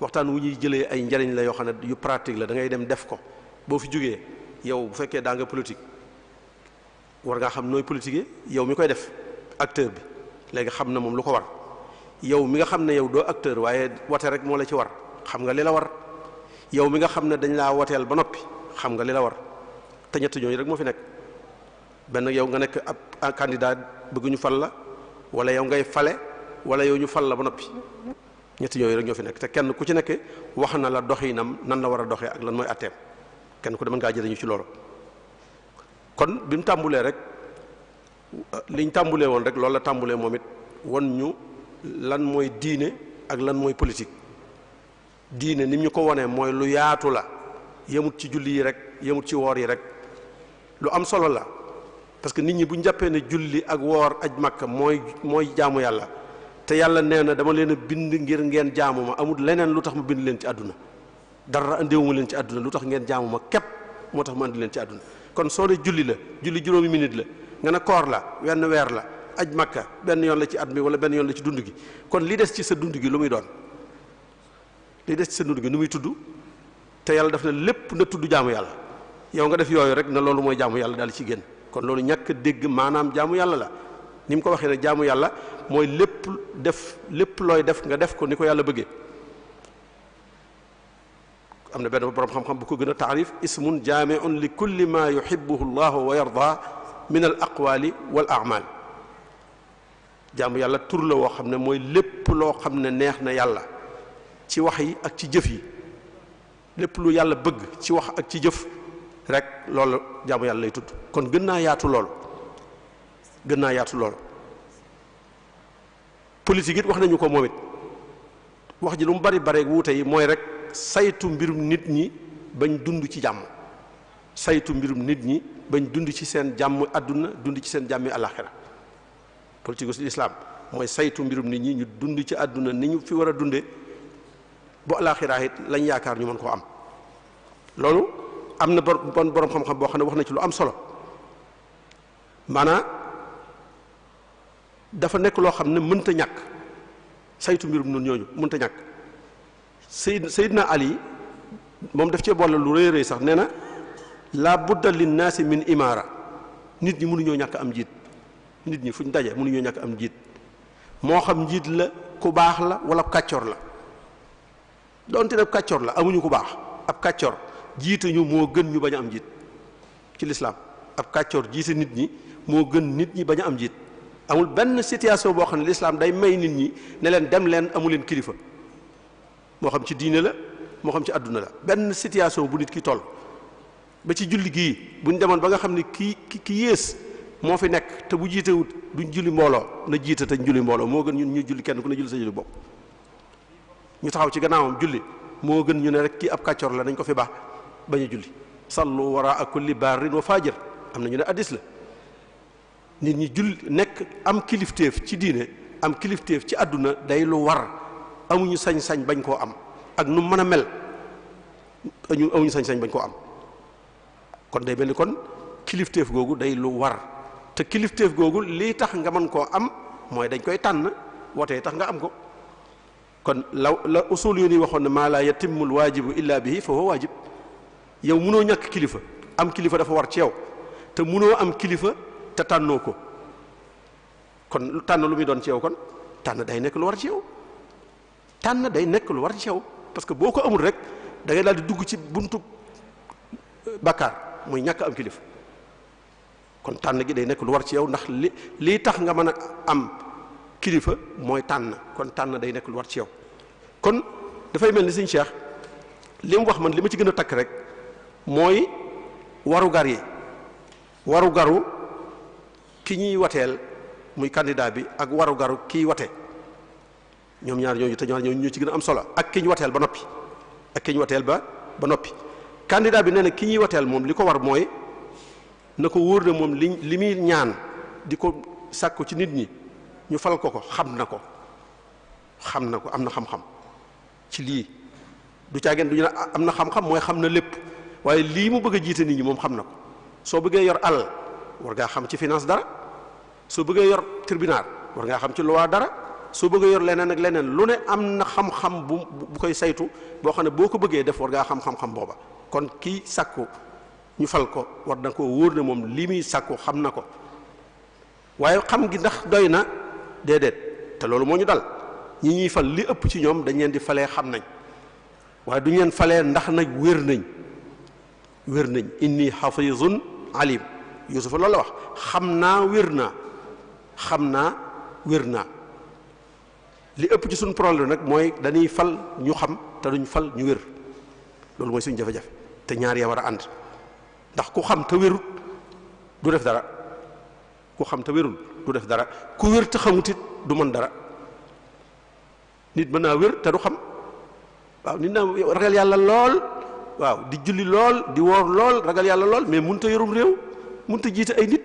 waxtaan wu ñuy jëlee ay njariñ la yoo xam ne yu pratique la da ngay dem def ko boo fi jógee yow bu fekkee daa nga politique war ngaa xam nooy politique yow mi koy def acteur bi léegi xam na moom lu ko war yow mi nga xam ne yow doo acteur waaye wate rek moo la ci war xam nga li la war yow mi nga xam ne dañ laa wateel ba noppi xam nga li la war te ñett ñooñu rek moo fi nekk benn yow nga nekk ab candidat bëgg ñu la wala yow ngay fale wala yow ñu fal la ba noppi ñett ñooñu rek ñoo fi nekk te kenn ku ci nekk wax na la doxinam nan la war a doxee ak lan mooy atteem kenn ku dem mën ngaa jëriñu ci loolu kon bi mu tàmbulee rek. liñ tàmbulee woon rek loolu la tàmbulee moom it won ñu lan mooy diine ak lan mooy politique diine ni ñu ko wonee mooy lu yaatu la yemut ci julli yi rek yemut ci woor yi rek lu am solo la parce que nit ñi bu ñu jàppee ne julli ak woor aj makka mooy mooy jaamu yàlla te yàlla nee na dama leen a bind ngir ngeen jaamu ma amul leneen lu tax ma bind leen ci àdduna dara andiwuma leen ci àdduna lu tax ngeen jaamu ma képp moo tax ma andi leen ci àdduna kon soo dee la julli juróomi minute la. nga ne koor la wenn weer la aj makka benn yoon la ci at mi wala benn yoon la ci dund gi kon li des ci sa dund gi lu muy doon li des ci sa dund gi nu muy tudd te yàlla daf na lépp na tudd jaamu yàlla yow nga def yooyu rek na loolu mooy jaamu yàlla daal ci génn kon loolu ñàkk dégg maanaam jaamu yàlla la ni mu ko waxee ne jaamu yàlla mooy lépp def lépp looy def nga def ko ni ko yàlla bëgge am na benn borom xam-xam bu ko gën a taarif ismun jaamiun li kulli ma yuhibbuhu من الأقوال والأعمال جام يالله تور لو خامن موي لب لو خامن نيه نا يالله تي وخي اك تي جيف لب لو يالله بغ تي وخ اك تي جيف رك لول جام يالله لي تود كون گنا ياتو لول گنا ياتو لول بوليتيكيت واخ نانيو كو موميت واخ جي لوم بري بري ووتاي موي رك سايتو مبيرم نيت ني بن دوندو تي جام saytu mbirum nit ñi bañ dund ci seen jàmm àdduna dund ci seen jàmmi alaxira politique gu islam mooy saytu mbirum nit ñi ñu dund ci àdduna ni ñu fi war a dunde bu alaxira it lañ yaakaar ñu mën koo am loolu am na bon borom xam-xam boo xam ne wax na ci lu am solo maanaa dafa nekk loo xam ne mënta ñàkk saytu mbirum nun ñooñu mënta ñàkk Seyd na Ali moom daf cee boole lu rëy rëy sax nee na. la budda linnaasi min imaara nit ñi mënuñoo ñàkk am jiit nit ñi fuñ daje mënuñoo ñàkk am njiit moo xam njiit la ku baax la wala kàccor la donte nag kàccor la amuñu ku baax ab kàccor jiite ñu moo gën ñu bañ a am njiit ci lislaam ab kàccor jiite nit ñi moo gën nit ñi bañ am njiit amul benn situation boo xam ne lislaam day may nit ñi ne leen dem leen amu leen kilifa moo xam ci diine la moo xam ci àdduna la benn situation bu nit ki toll ba ci julli gii bu ñu demoon ba nga xam ne ki ki yées moo fi nekk te bu jiitewut duñ julli mbooloo na jiite te julli mbooloo moo gën ñun ñu julli kenn ku ne julli sa julli bopp ñu taxaw ci gannaawam julli moo gën ñu ne rek kii ab kàccor la dañ ko fi baax bañ a julli sallu waraa kulli barrin wa fajir am na ñu ne addis la nit ñi julli nekk am kilifteef ci diine am kilifteef ci àdduna day lu war amuñu sañ-sañ bañ koo am ak nu mën a mel amuñu sañ-sañ bañ koo am kon day mel kon kilifteef googu day lu war te kilifteef googu lii tax nga mën koo am mooy dañ koy tànn wotee tax nga am ko kon la la usul yu ni waxoon ne maa laa yatimmul waajibu illaa bi fa huwa waajib yow munoo ñàkk kilifa am kilifa dafa war ci yow te munoo am kilifa te tànnoo ko kon tànn lu muy doon ci yow kon tànn day nekk lu war ci yow tànn day nekk lu war ci yow parce que boo ko amul rek da ngay di dugg ci buntu euh, bàkkaar muy ñàkk am kilifa kon tànn gi day nekk lu war ci yow ndax li lii tax nga mën a am kilifa mooy tànn kon tànn day nekk lu war ci yow kon dafay mel ni sëñ Cheikh li wax man li ma ci gën a takk rek mooy warugar yi warugaru ki ñuy wateel muy candidat bi ak warugaru kiy wate ñoom ñaar ñooñu te ñaar ñooñu ñoo ci gën a am solo ak ki ñu wateel ba noppi ak ki wateel ba ba noppi candidat bi nee na ki ñuy wateel moom li ko war mooy na ko wóor na moom li li muy ñaan di ko sàkku ci nit ñi ñu fal ko ko xam na ko xam na ko am na xam-xam ci lii du caageen du ñu ne am na xam-xam mooy xam na lépp waaye lii mu bëgg a jiite nit ñi moom xam na ko soo bëggee yor alal war ngaa xam ci finance dara soo bëggee yor tribunal war ngaa xam ci loi dara soo bëggee yor leneen ak leneen lu ne am xam-xam bu bu koy saytu boo xam ne boo ko bëggee def war ngaa xam xam-xam booba kon kii sàkku ñu fal ko war na ko wóor ne moom lii muy sàkku xam na ko waaye xam gi ndax doy na déedéet te loolu moo ñu dal ñi ñuy fal li ëpp ci ñoom dañ leen di fale xam nañ waaye du ñu leen fale ndax nag wér nañ wér nañ indi xafizun alim yusufa loolu la wax xam naa wér naa xam naa wér naa li ëpp ci suñ problème nag mooy dañuy fal ñu xam te duñ fal ñu wér loolu mooy suñu jafe-jafe te ñaar ya war a ànd ndax ku xam te wérut du def dara ku xam te wérul du def dara ku wér te xamut it du mën dara nit mën naa wér te du xam waaw nit naa ragal yàlla lool waaw di julli lool di woor lool ragal yàlla lool mais mënut a yorum réew mënut a jiite ay nit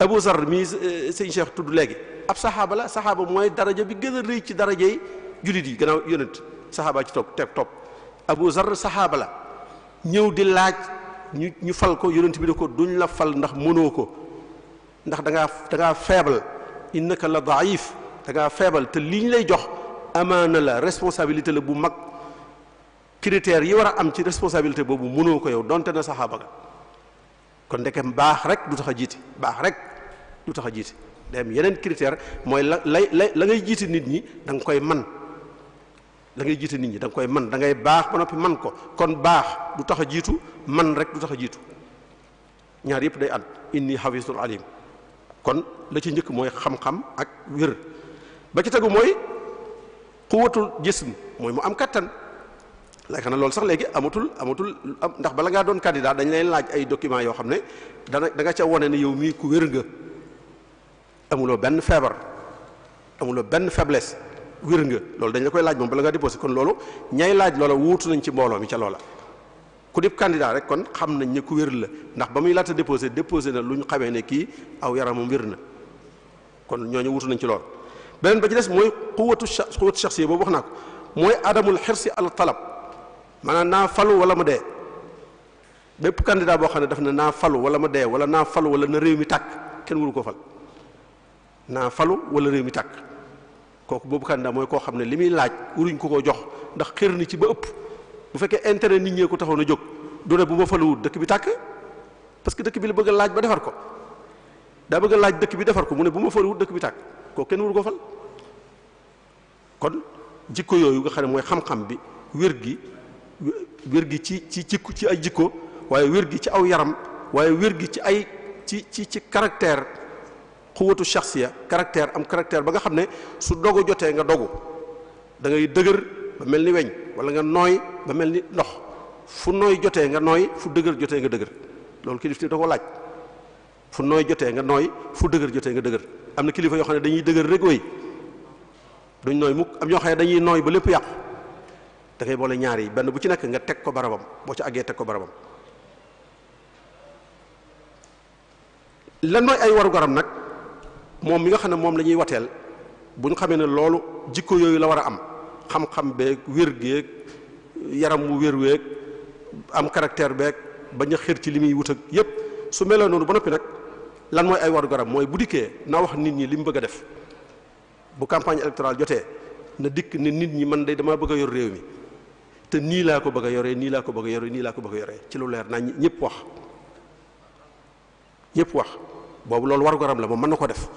Abu Zar mii eh, sëñ Cheikh tudd léegi ab saxaaba la saxaaba mooy daraja bi gën a rëy ci daraja yi jullit yi gannaaw yonent saxaaba ci toog teg topp Abu Zar saxaaba la. ñëw di laaj ñu ñu fal ko yonent bi ne ko duñ la fal ndax mënoo ko ndax dangaa ngaa da ngaa faible innaka la daif da ngaa faible te ñu lay jox amaana la responsabilité la bu mag critères yi war a am ci responsabilité boobu mënoo ko yow donte na saxaaba nga kon ndekem baax rek du tax a jiite baax rek du tax a jiite dem yeneen critère mooy la lay la la ngay jiite nit ñi da nga koy man da ngay jité nit ñi da koy man da ngay baax ba nopi man ko kon baax du tax jitu man rek du tax jitu ñaar yépp day at inni alim kon la ci ñëk moy xam-xam ak wër ba ci tagu moy quwwatul jism moy mu am katan la na loolu sax legi amatul amatul ndax bala nga doon candidat dañ lay laaj ay document yo xamne da nga ca woné ne yow mi ku wër nga amulo ben faiblesse wér nga loolu dañ la koy laaj moom bala nga déposé kon loolu ñay laaj loola wuutu nañ ci mbooloo mi ca loola ku dib candidat rek kon xam nañ ne ku wér la ndax ba muy laata déposé déposé na lu ñu xamee ne kii aw yaramam wér na kon ñooñu wutu nañ ci lool beneen ba ci des mooy quwatu quwatu shaxsiya boobu wax naa ko mooy adamul xirsi al talab maanaam naa falu wala ma dee bépp candidat boo xam ne daf ne naa falu wala ma dee wala naa falu wala na réew mi tàkk kenn waru ko fal naa falu wala réew mi tàkk kooku boobu candidat mooy koo xam ne li muy laaj uruñ ko ko jox ndax xër ni ci ba ëpp bu fekkee intérêt nit ñee ko taxaw a jóg du ne bu ma faluwut dëkk bi tàkk parce que dëkk bi la bëgg laaj ba defar ko daa bëgg laaj dëkk bi defar ko mu ne bu ma faluwut dëkk bi tàkk kooku kenn waru ko fal kon jikko yooyu nga xam ne mooy xam bi wér gi wér gi ci ci jikko ci ay jikko waaye wér gi ci aw yaram waaye wér gi ci ay ci ci ci caractère xuwatu shaxsiya caractère am caractère ba nga xam ne su dogu jotee nga dogu da ngay dëgër ba mel ni weñ wala nga nooy ba mel ni ndox fu nooy jotee nga nooy fu dëgër jotee nga dëgër loolu kilifteef da laaj fu nooy jotee nga nooy fu dëgër jotee nga dëgër am na kilifa yoo xam ne dañuy dëgër rek way duñ nooy mukk am ñoo xam ne dañuy nooy ba lépp yàqu da boole ñaari benn bu ci nekk nga teg ko barabam boo ci àggee teg ko barabam lan mooy ay warugaram nag moom mi nga xam ne moom la ñuy wateel bu ñu xamee ne loolu jikko yooyu la war a am xam-xam beeg wér geeg yaram wu wér weeg am caractère beeg bañ a xër ci li muy wut ak yépp su melee noonu ba noppi nag lan mooy ay waru garam mooy bu dikkee na wax nit ñi li mu bëgg a def bu campagne électorale jotee na dikk ne nit ñi man dey damaa bëgg a yor réew mi te nii laa ko bëgg a yoree nii laa ko bëgg a yoree nii laa ko bëgg yoree ci lu leer naa ñëpp wax ñëpp wax boobu loolu waru garam la moom mën na ko def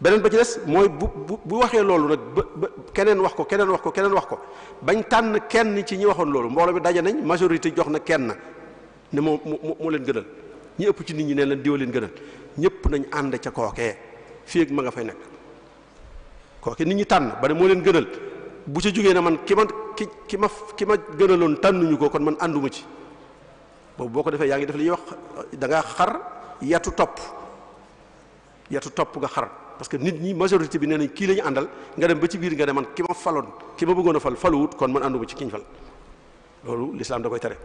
beneen ba ci des mooy bu bu bu waxee loolu nag ba ba keneen wax ko keneen wax ko keneen wax ko bañ tànn kenn ci ñi waxoon loolu mbooloo bi daje nañ majorité jox na kenn ne moo moo leen gënal ñi ëpp ci nit ñi ne leen diwa leen gënal ñëpp nañ ànd ca kookee fii ak ma nga fay nekk kooke nit ñi tànn ba ne moo leen gënal bu ca jógee ne man ki ma ki ki ma ki ma gënaloon tànnuñu ko kon man ànduma ci boobu boo ko defee yaa ngi def li ñuy wax da nga xar yatu topp yatu topp nga xar parce que nit ñi majorité bi nee nañ kii la àndal nga dem ba ci biir nga ne man ki ma faloon ki ma bëggoon a fal faluwut kon man ànduma ci kiñ fal loolu l'islam da koy tere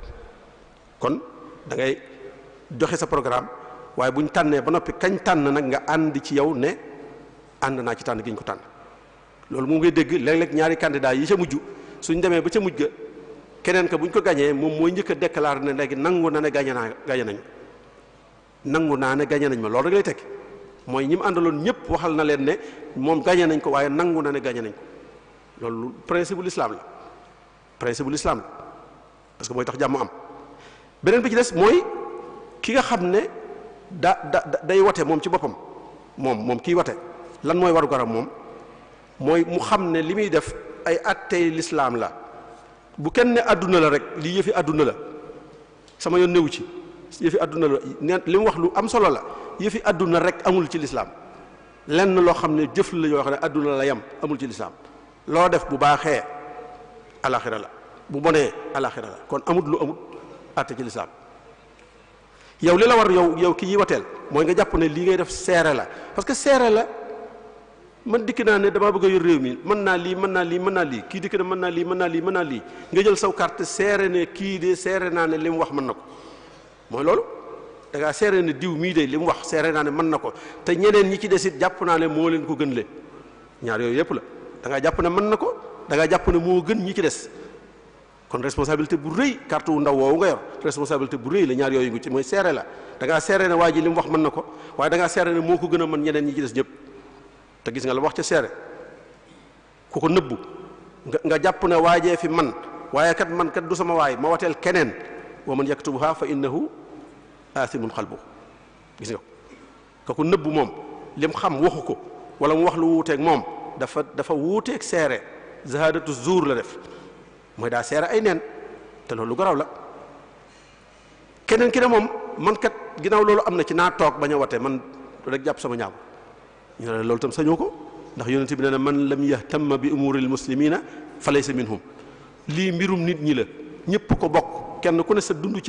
kon dangay ngay joxe sa programme waaye bu ñu tànnee ba noppi kañ tànn nag nga ànd ci yow ne ànd naa ci tànn gi ñu ko tànn loolu mu ngay dégg léeg-léeg ñaari candidat yi ca mujj suñ demee ba ca mujj ga keneen ka bu ñu ko gañee moom mooy njëkk a ne léegi nangu na ne gañe naa gañe nañu nangu naa ne gañe nañ ma loolu rek lay moy ñim andalon àndaloon waxal na len ne mom gagné, nañ ko waye nangu na ne gagné. nañ ko loolu principe l'islam. la principe l'islam parce que moy tax jamm am benen bi ci suis moy ki nga ne da day woté mom ci bopam mom suis ki woté lan moy waru garam mom moy mu xam ne def ay atté l'islam la bu kenn ne aduna la rek li yefi aduna la sama yon newu ci yefi aduna la lim wax lu am solo la يفي أدنى رك أمول في الإسلام لأن لو خمن جفل اللي يخرج أدنى لا يم أمول في الإسلام لا دف بباخة على خير الله بمنع على خير الله كون أمود لو أمود أتى في الإسلام ياو ليلا ور ياو ياو كي يوتل ما ينجا جابوني لينجا دف سير الله بس كسير الله من ديكنا ندم أبغى يريمي من نالي من نالي من نالي كي ديكنا من نالي من نالي من نالي نجلس أو كارت سيرنا كي دي سيرنا نلم وح ما لولو dangaa seere ne diw mii de li mu wax seere naa ne mën na ko te ñeneen ñi ci it jàpp naa ne moo leen ko gën le ñaar yooyu yëpp la da jàpp ne man na ko da jàpp ne moo gën ñi ci des kon responsabilité bu rëy carte wu ndaw woowu nga yor bu rëy ñaar yooyu ngu ci mooy seere la da ngaa seere ne ji li wax mën na ko waaye da ngaa ne moo ko gën a man ñeneen ñi ci des ñëpp te gis nga la wax ca seere ku ko nëbbu nga nga jàpp ne waajee fi man waaye kat man kat du sama waay ma wateel keneen wa man yaktubuha fa innahu آثم قلبه غيسنا كوكو نيب موم ليم خام واخوكو ولا مو واخ لو ووتيك موم دا فا دا فا ووتيك سيري زهادت الزور لا ديف موي دا سيري اي نين تا لولو غراو لا كينن كينا موم مان كات غيناو لولو امنا سي نا توك باña واتي مان رك جاب سما نياب ني لا لول تام سانيوكو ndax yonenti bi neena man lam yahtam bi umuri almuslimina falaysa minhum li mbirum nit ñi la ñepp ko bok kenn ku ne sa dundu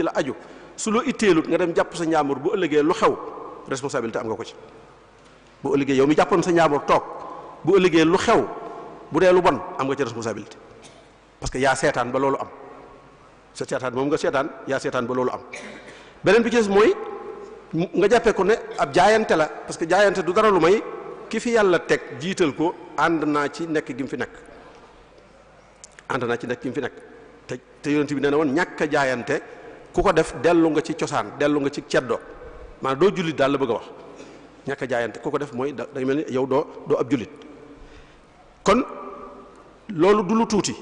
su loo itteelut nga dem jàpp sa ñaamur bu ëllëgee lu xew responsabilité am nga ko ci bu ëllëgee yow mi jàppoon sa ñaamur toog bu ëllëgee lu xew bu dee lu bon am nga ci responsabilité parce que yaa seetaan ba loolu am sa seetaan moom nga seetaan yaa seetaan ba loolu am beneen bi ci des mooy nga jàppee ko ne ab jaayante la parce que jaayante du dara lu may ki fi yàlla teg jiital ko ànd naa ci nekk gi mu fi nekk ànd naa ci nekk gi fi nekk te te yonent bi nee na woon ñàkka jaayante. ku ko def dellu nga ci cosaan dellu nga ci ceddo maanaam doo jullit daal la bëgg a wax ñàkk jaayante ku ko def mooy da day mel ni yow doo doo ab jullit kon loolu du lu tuuti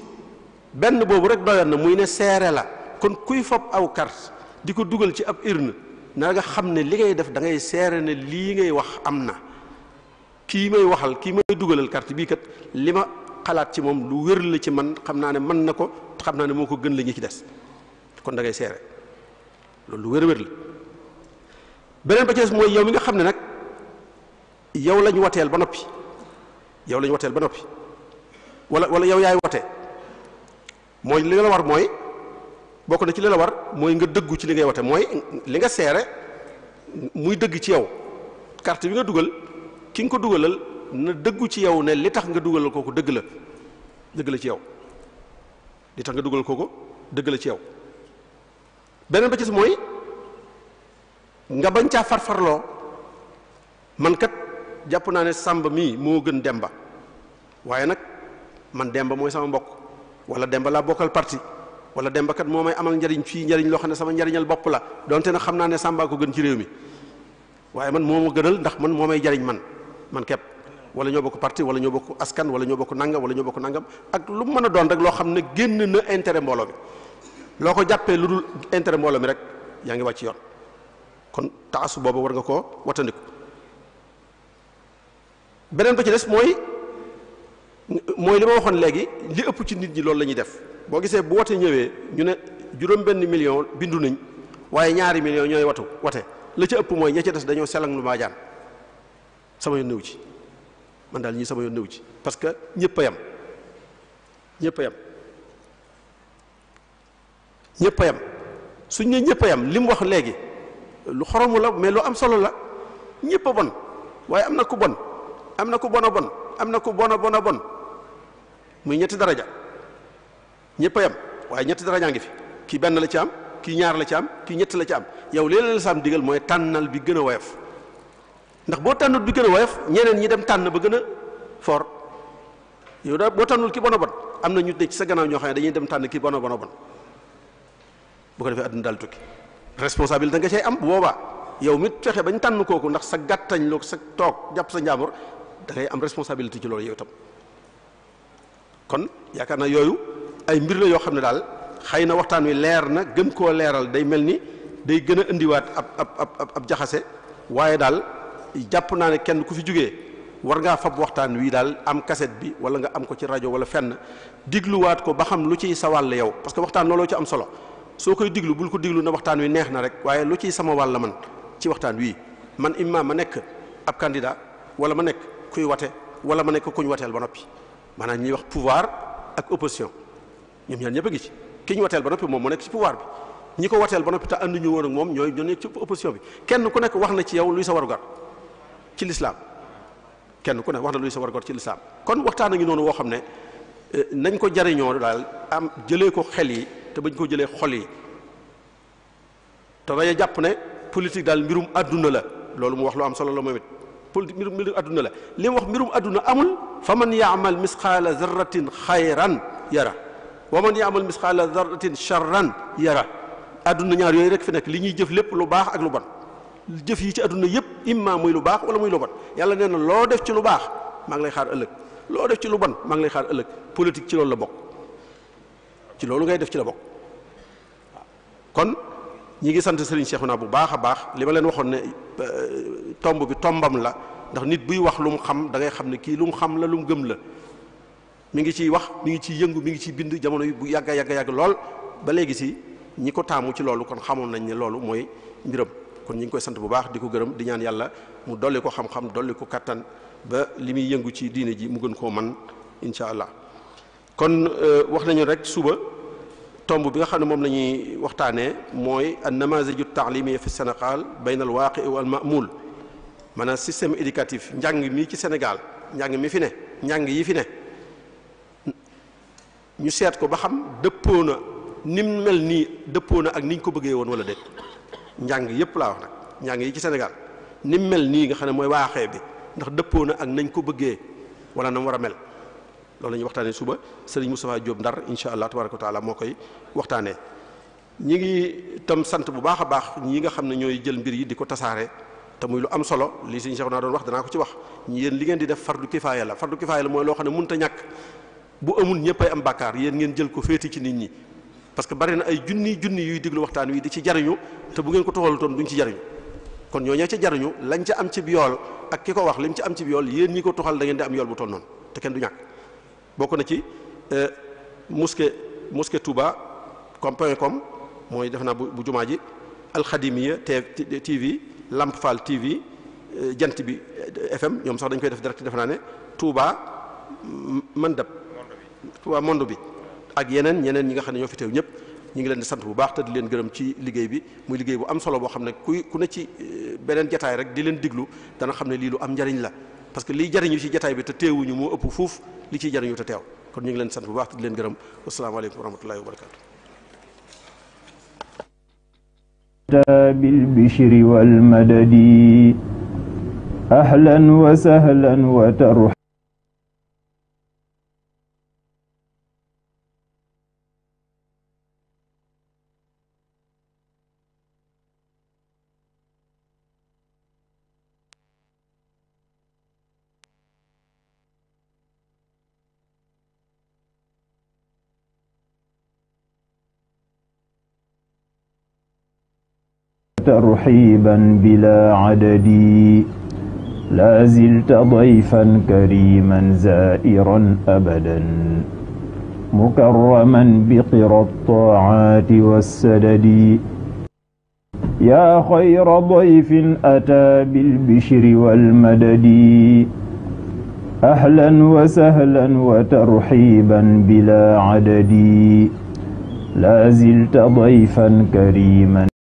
benn boobu rek doyoon na muy ne seere la kon kuy fob aw carte di ko dugal ci ab urne na nga xam ne li ngay def dangay seere ne lii ngay wax am na kii may waxal kii may dugalal kart bii kat li ma xalaat ci moom lu wér la ci man xam naa ne mën na ko xam naa ne moo ko gën la ñu ci des kon da seere lolou wër wër la benen ba ci dess moy yow mi nga xamne nak yow lañu wotel ba nopi yow lañu wotel ba nopi wala wala yow yaay woté moy li la war moy bokku na ci li la war moy nga deggu ci li ngay woté moy li nga séré muy deug ci yow carte bi nga duggal ki nga ko duggalal na deggu ci yow ne li tax nga duggalal koku deug la deug la ci yow li tax nga duggal koku deug la ci yow benen ba ci moy nga bañ ca farfarlo man kat japp na ne samba mi mo gën demba waye nak man demba moy sama mbokk wala demba la bokal parti wala demba kat momay amal njariñ fi njariñ lo xamne sama njariñal bop la donte na xamna ne samba ko gën ci mi man momo gënal ndax man momay jariñ man man kep wala ño bokk parti wala ño bokk askan wala ño bokk nangam wala ño bokk nangam ak lu mën a doon rek lo xamne ne na intérêt mbolo bi loo ko jàppee lu dul intérêt mbooloo mi rek yaa ngi wàcc yoon kon taasu boobu war nga koo wattandiku beneen ba ci des mooy mooy li ma waxoon léegi li ëpp ci nit ñi loolu la ñuy def boo gisee bu wate ñëwee ñu ne juróom-benn million bindu nañ waaye ñaari million ñooy watu wate la ca ëpp mooy ña ca des dañoo selang lu maa sama yoon néew ci man daal ñii sama yoon néew ci parce que ñëpp a ñëpp a ñëpp a yem suñ ne ñëpp a li mu wax léegi lu xoromu la mais lu am solo la ñëpp a bon waaye am na ku bon am na ku bon a bon am na ku bon a bon a bon muy ñetti daraja ñëpp a waaye ñetti daraja ngi fi kii benn la ci am kii ñaar la ci am kii ñett la ci am yow li leen la saam digal mooy tànnal bi gën a woyof ndax boo tànnul bi gën a ñeneen ñi dem tànn ba gën a fort yow da boo tànnul ki bon a am na ñu ne ci sa gannaaw ñoo xam ne dañuy dem tànn ki bon a bon a bon bu ko defee àdduna daal tukki responsabilité nga cay am boobaa yow mit fexe bañ tànn kooku ndax sa gàttañ look sa toog jàpp sa njaamur da am responsabilité ci loolu yow itam kon yaakaar naa yooyu ay mbir la yoo xam ne daal xëy na waxtaan wi leer na gën koo leeral day mel ni day gën a indiwaat ab ab ab jaxase waaye daal jàpp naa ne kenn ku fi jógee war ngaa fab waxtaan wii daal am cassette bi wala nga am ko ci rajo wala fenn digluwaat ko ba xam lu ciy sawal yow parce que waxtaan looloo ci am solo. soo koy diglu bul ko diglu na waxtaan wi neex na rek waaye lu ci sama wàll man ci waxtaan man candidat wala ma kuy wate wala ma pouvoir ak opposition ñoom ñaar ñëpp a ngi ci pouvoir bi ñi ko ba noppi ñu woon ak ci opposition bi kenn ku nekk wax na ci yow luy sa ci ne wax na luy sa ci kon a ngi noonu woo ne eh, nañ ko te bañ koo jëlee xol yi te bañ a jàpp ne politique daal mbirum àdduna la loolu mu wax lu am solo la moom it politique mbirum mbirum àdduna la li mu wax mbirum àdduna amul fa man yaamal misqaala zarratin xayran yara wa man yaamal misqaala zarratin charran yara àdduna ñaar yooyu rek fi nekk li ñuy jëf lépp lu baax ak lu bon jëf yi ci àdduna yépp imma muy lu baax wala muy lu bon yàlla nee na loo def ci lu baax maa ngi lay xaar ëllëg loo def ci lu bon maa ngi lay xaar ëllëg politique ci loolu la bokk ci loolu ngay def ci la bokk kon ñi ngi sant Serigne Cheikhouna bu baax a baax li ma leen waxoon ne euh, tomb bi tombam la ndax nit buy wax lu mu xam da ngay xam ne kii lu mu xam la lu mu gëm la mu ngi ciy wax mi ngi ciy yëngu mi ngi ciy bind jamono yi bu yàgg a yàgg yàgg lool ba léegi si ñi ko taamu ci loolu kon xamoon nañ ne loolu mooy mbiram kon ñi ngi koy sant bu baax di ko gërëm di ñaan yàlla mu dolli ko xam-xam dolli ko kàttan ba li muy yëngu ci diine ji mu gën koo man incha allah kon euh, wax nañu rek suba. tomb bi nga xamne mom lañuy waxtane moy an namasiju ta'limi fi Sénégal bayna al waaqi wal ma'mul manan system éducatif njàng mi ci Sénégal njàng mi fi ne njàng yi fi ne ñu set ko ba xam deppona nim mel ni deppona ak ni ko bëgge won wala déet njàng yépp la wax nak njàng yi ci Sénégal nim mel ni nga xamne moy waxe bi ndax deppona ak nañ ko bëgge wala na wara mel. loolu lañu waxtaanee suba Serigne Moustapha Diop Ndar insha allah tabaraka taala moo koy waxtaanee. ñi ngi tam sant bu baax a baax ñi nga xam ne ñooy jël mbir yi di ko tasaare te muy lu am solo li Serigne Cheikh naa doon wax danaa ko ci wax ñi yéen li ngeen di def fardu kifaaya la fardu kifaaya la mooy loo xam ne bu amul ñëppay am bàkkaar yéen ngeen jël ko féeti ci nit ñi parce que bari na ay junni junni yuy diglu waxtaan wi di ci jariñu te bu ngeen ko toxalutoon duñ ci jariñu kon ñooñu ci jariñu lañ ci am ci biol ak ki ko wax lim ci am ci biol yéen ñi ko toxal da ngeen di am yool bu toll noonu te kenn du ñàkk bokk na ci euh, mosquée mosquée Touba comme point com mooy def naa bu bu jumaa ji alxadimiya TV Lamp Fall TV euh, jant bi euh, FM ñoom sax dañ koy def direct def naa ne Touba Mandab Touba Monde bi ak yeneen ñeneen ñi nga xam ne ñoo fi teew ñëpp ñu ngi leen di sant bu baax te di leen gërëm ci liggéey bi muy liggéey bu am solo boo xam ne kuy ku ne ci beneen jataay rek di leen diglu dana xam ne lii lu am njariñ la parce que liy jariñu ci jataay bi te teewuñu moo ëpp fuuf li ciy jariñu te teew kon ñu ngi leen sant bu baax di leen gërëm wasalaamaaleykum wa rahmatullahi wa barakatu بالبشر والمدد أهلا وسهلا وترحب ترحيبا بلا عدد لا زلت ضيفا كريما زائرا أبدا مكرما بقرى الطاعات والسدد يا خير ضيف أتى بالبشر والمدد أهلا وسهلا وترحيبا بلا عدد لا زلت ضيفا كريما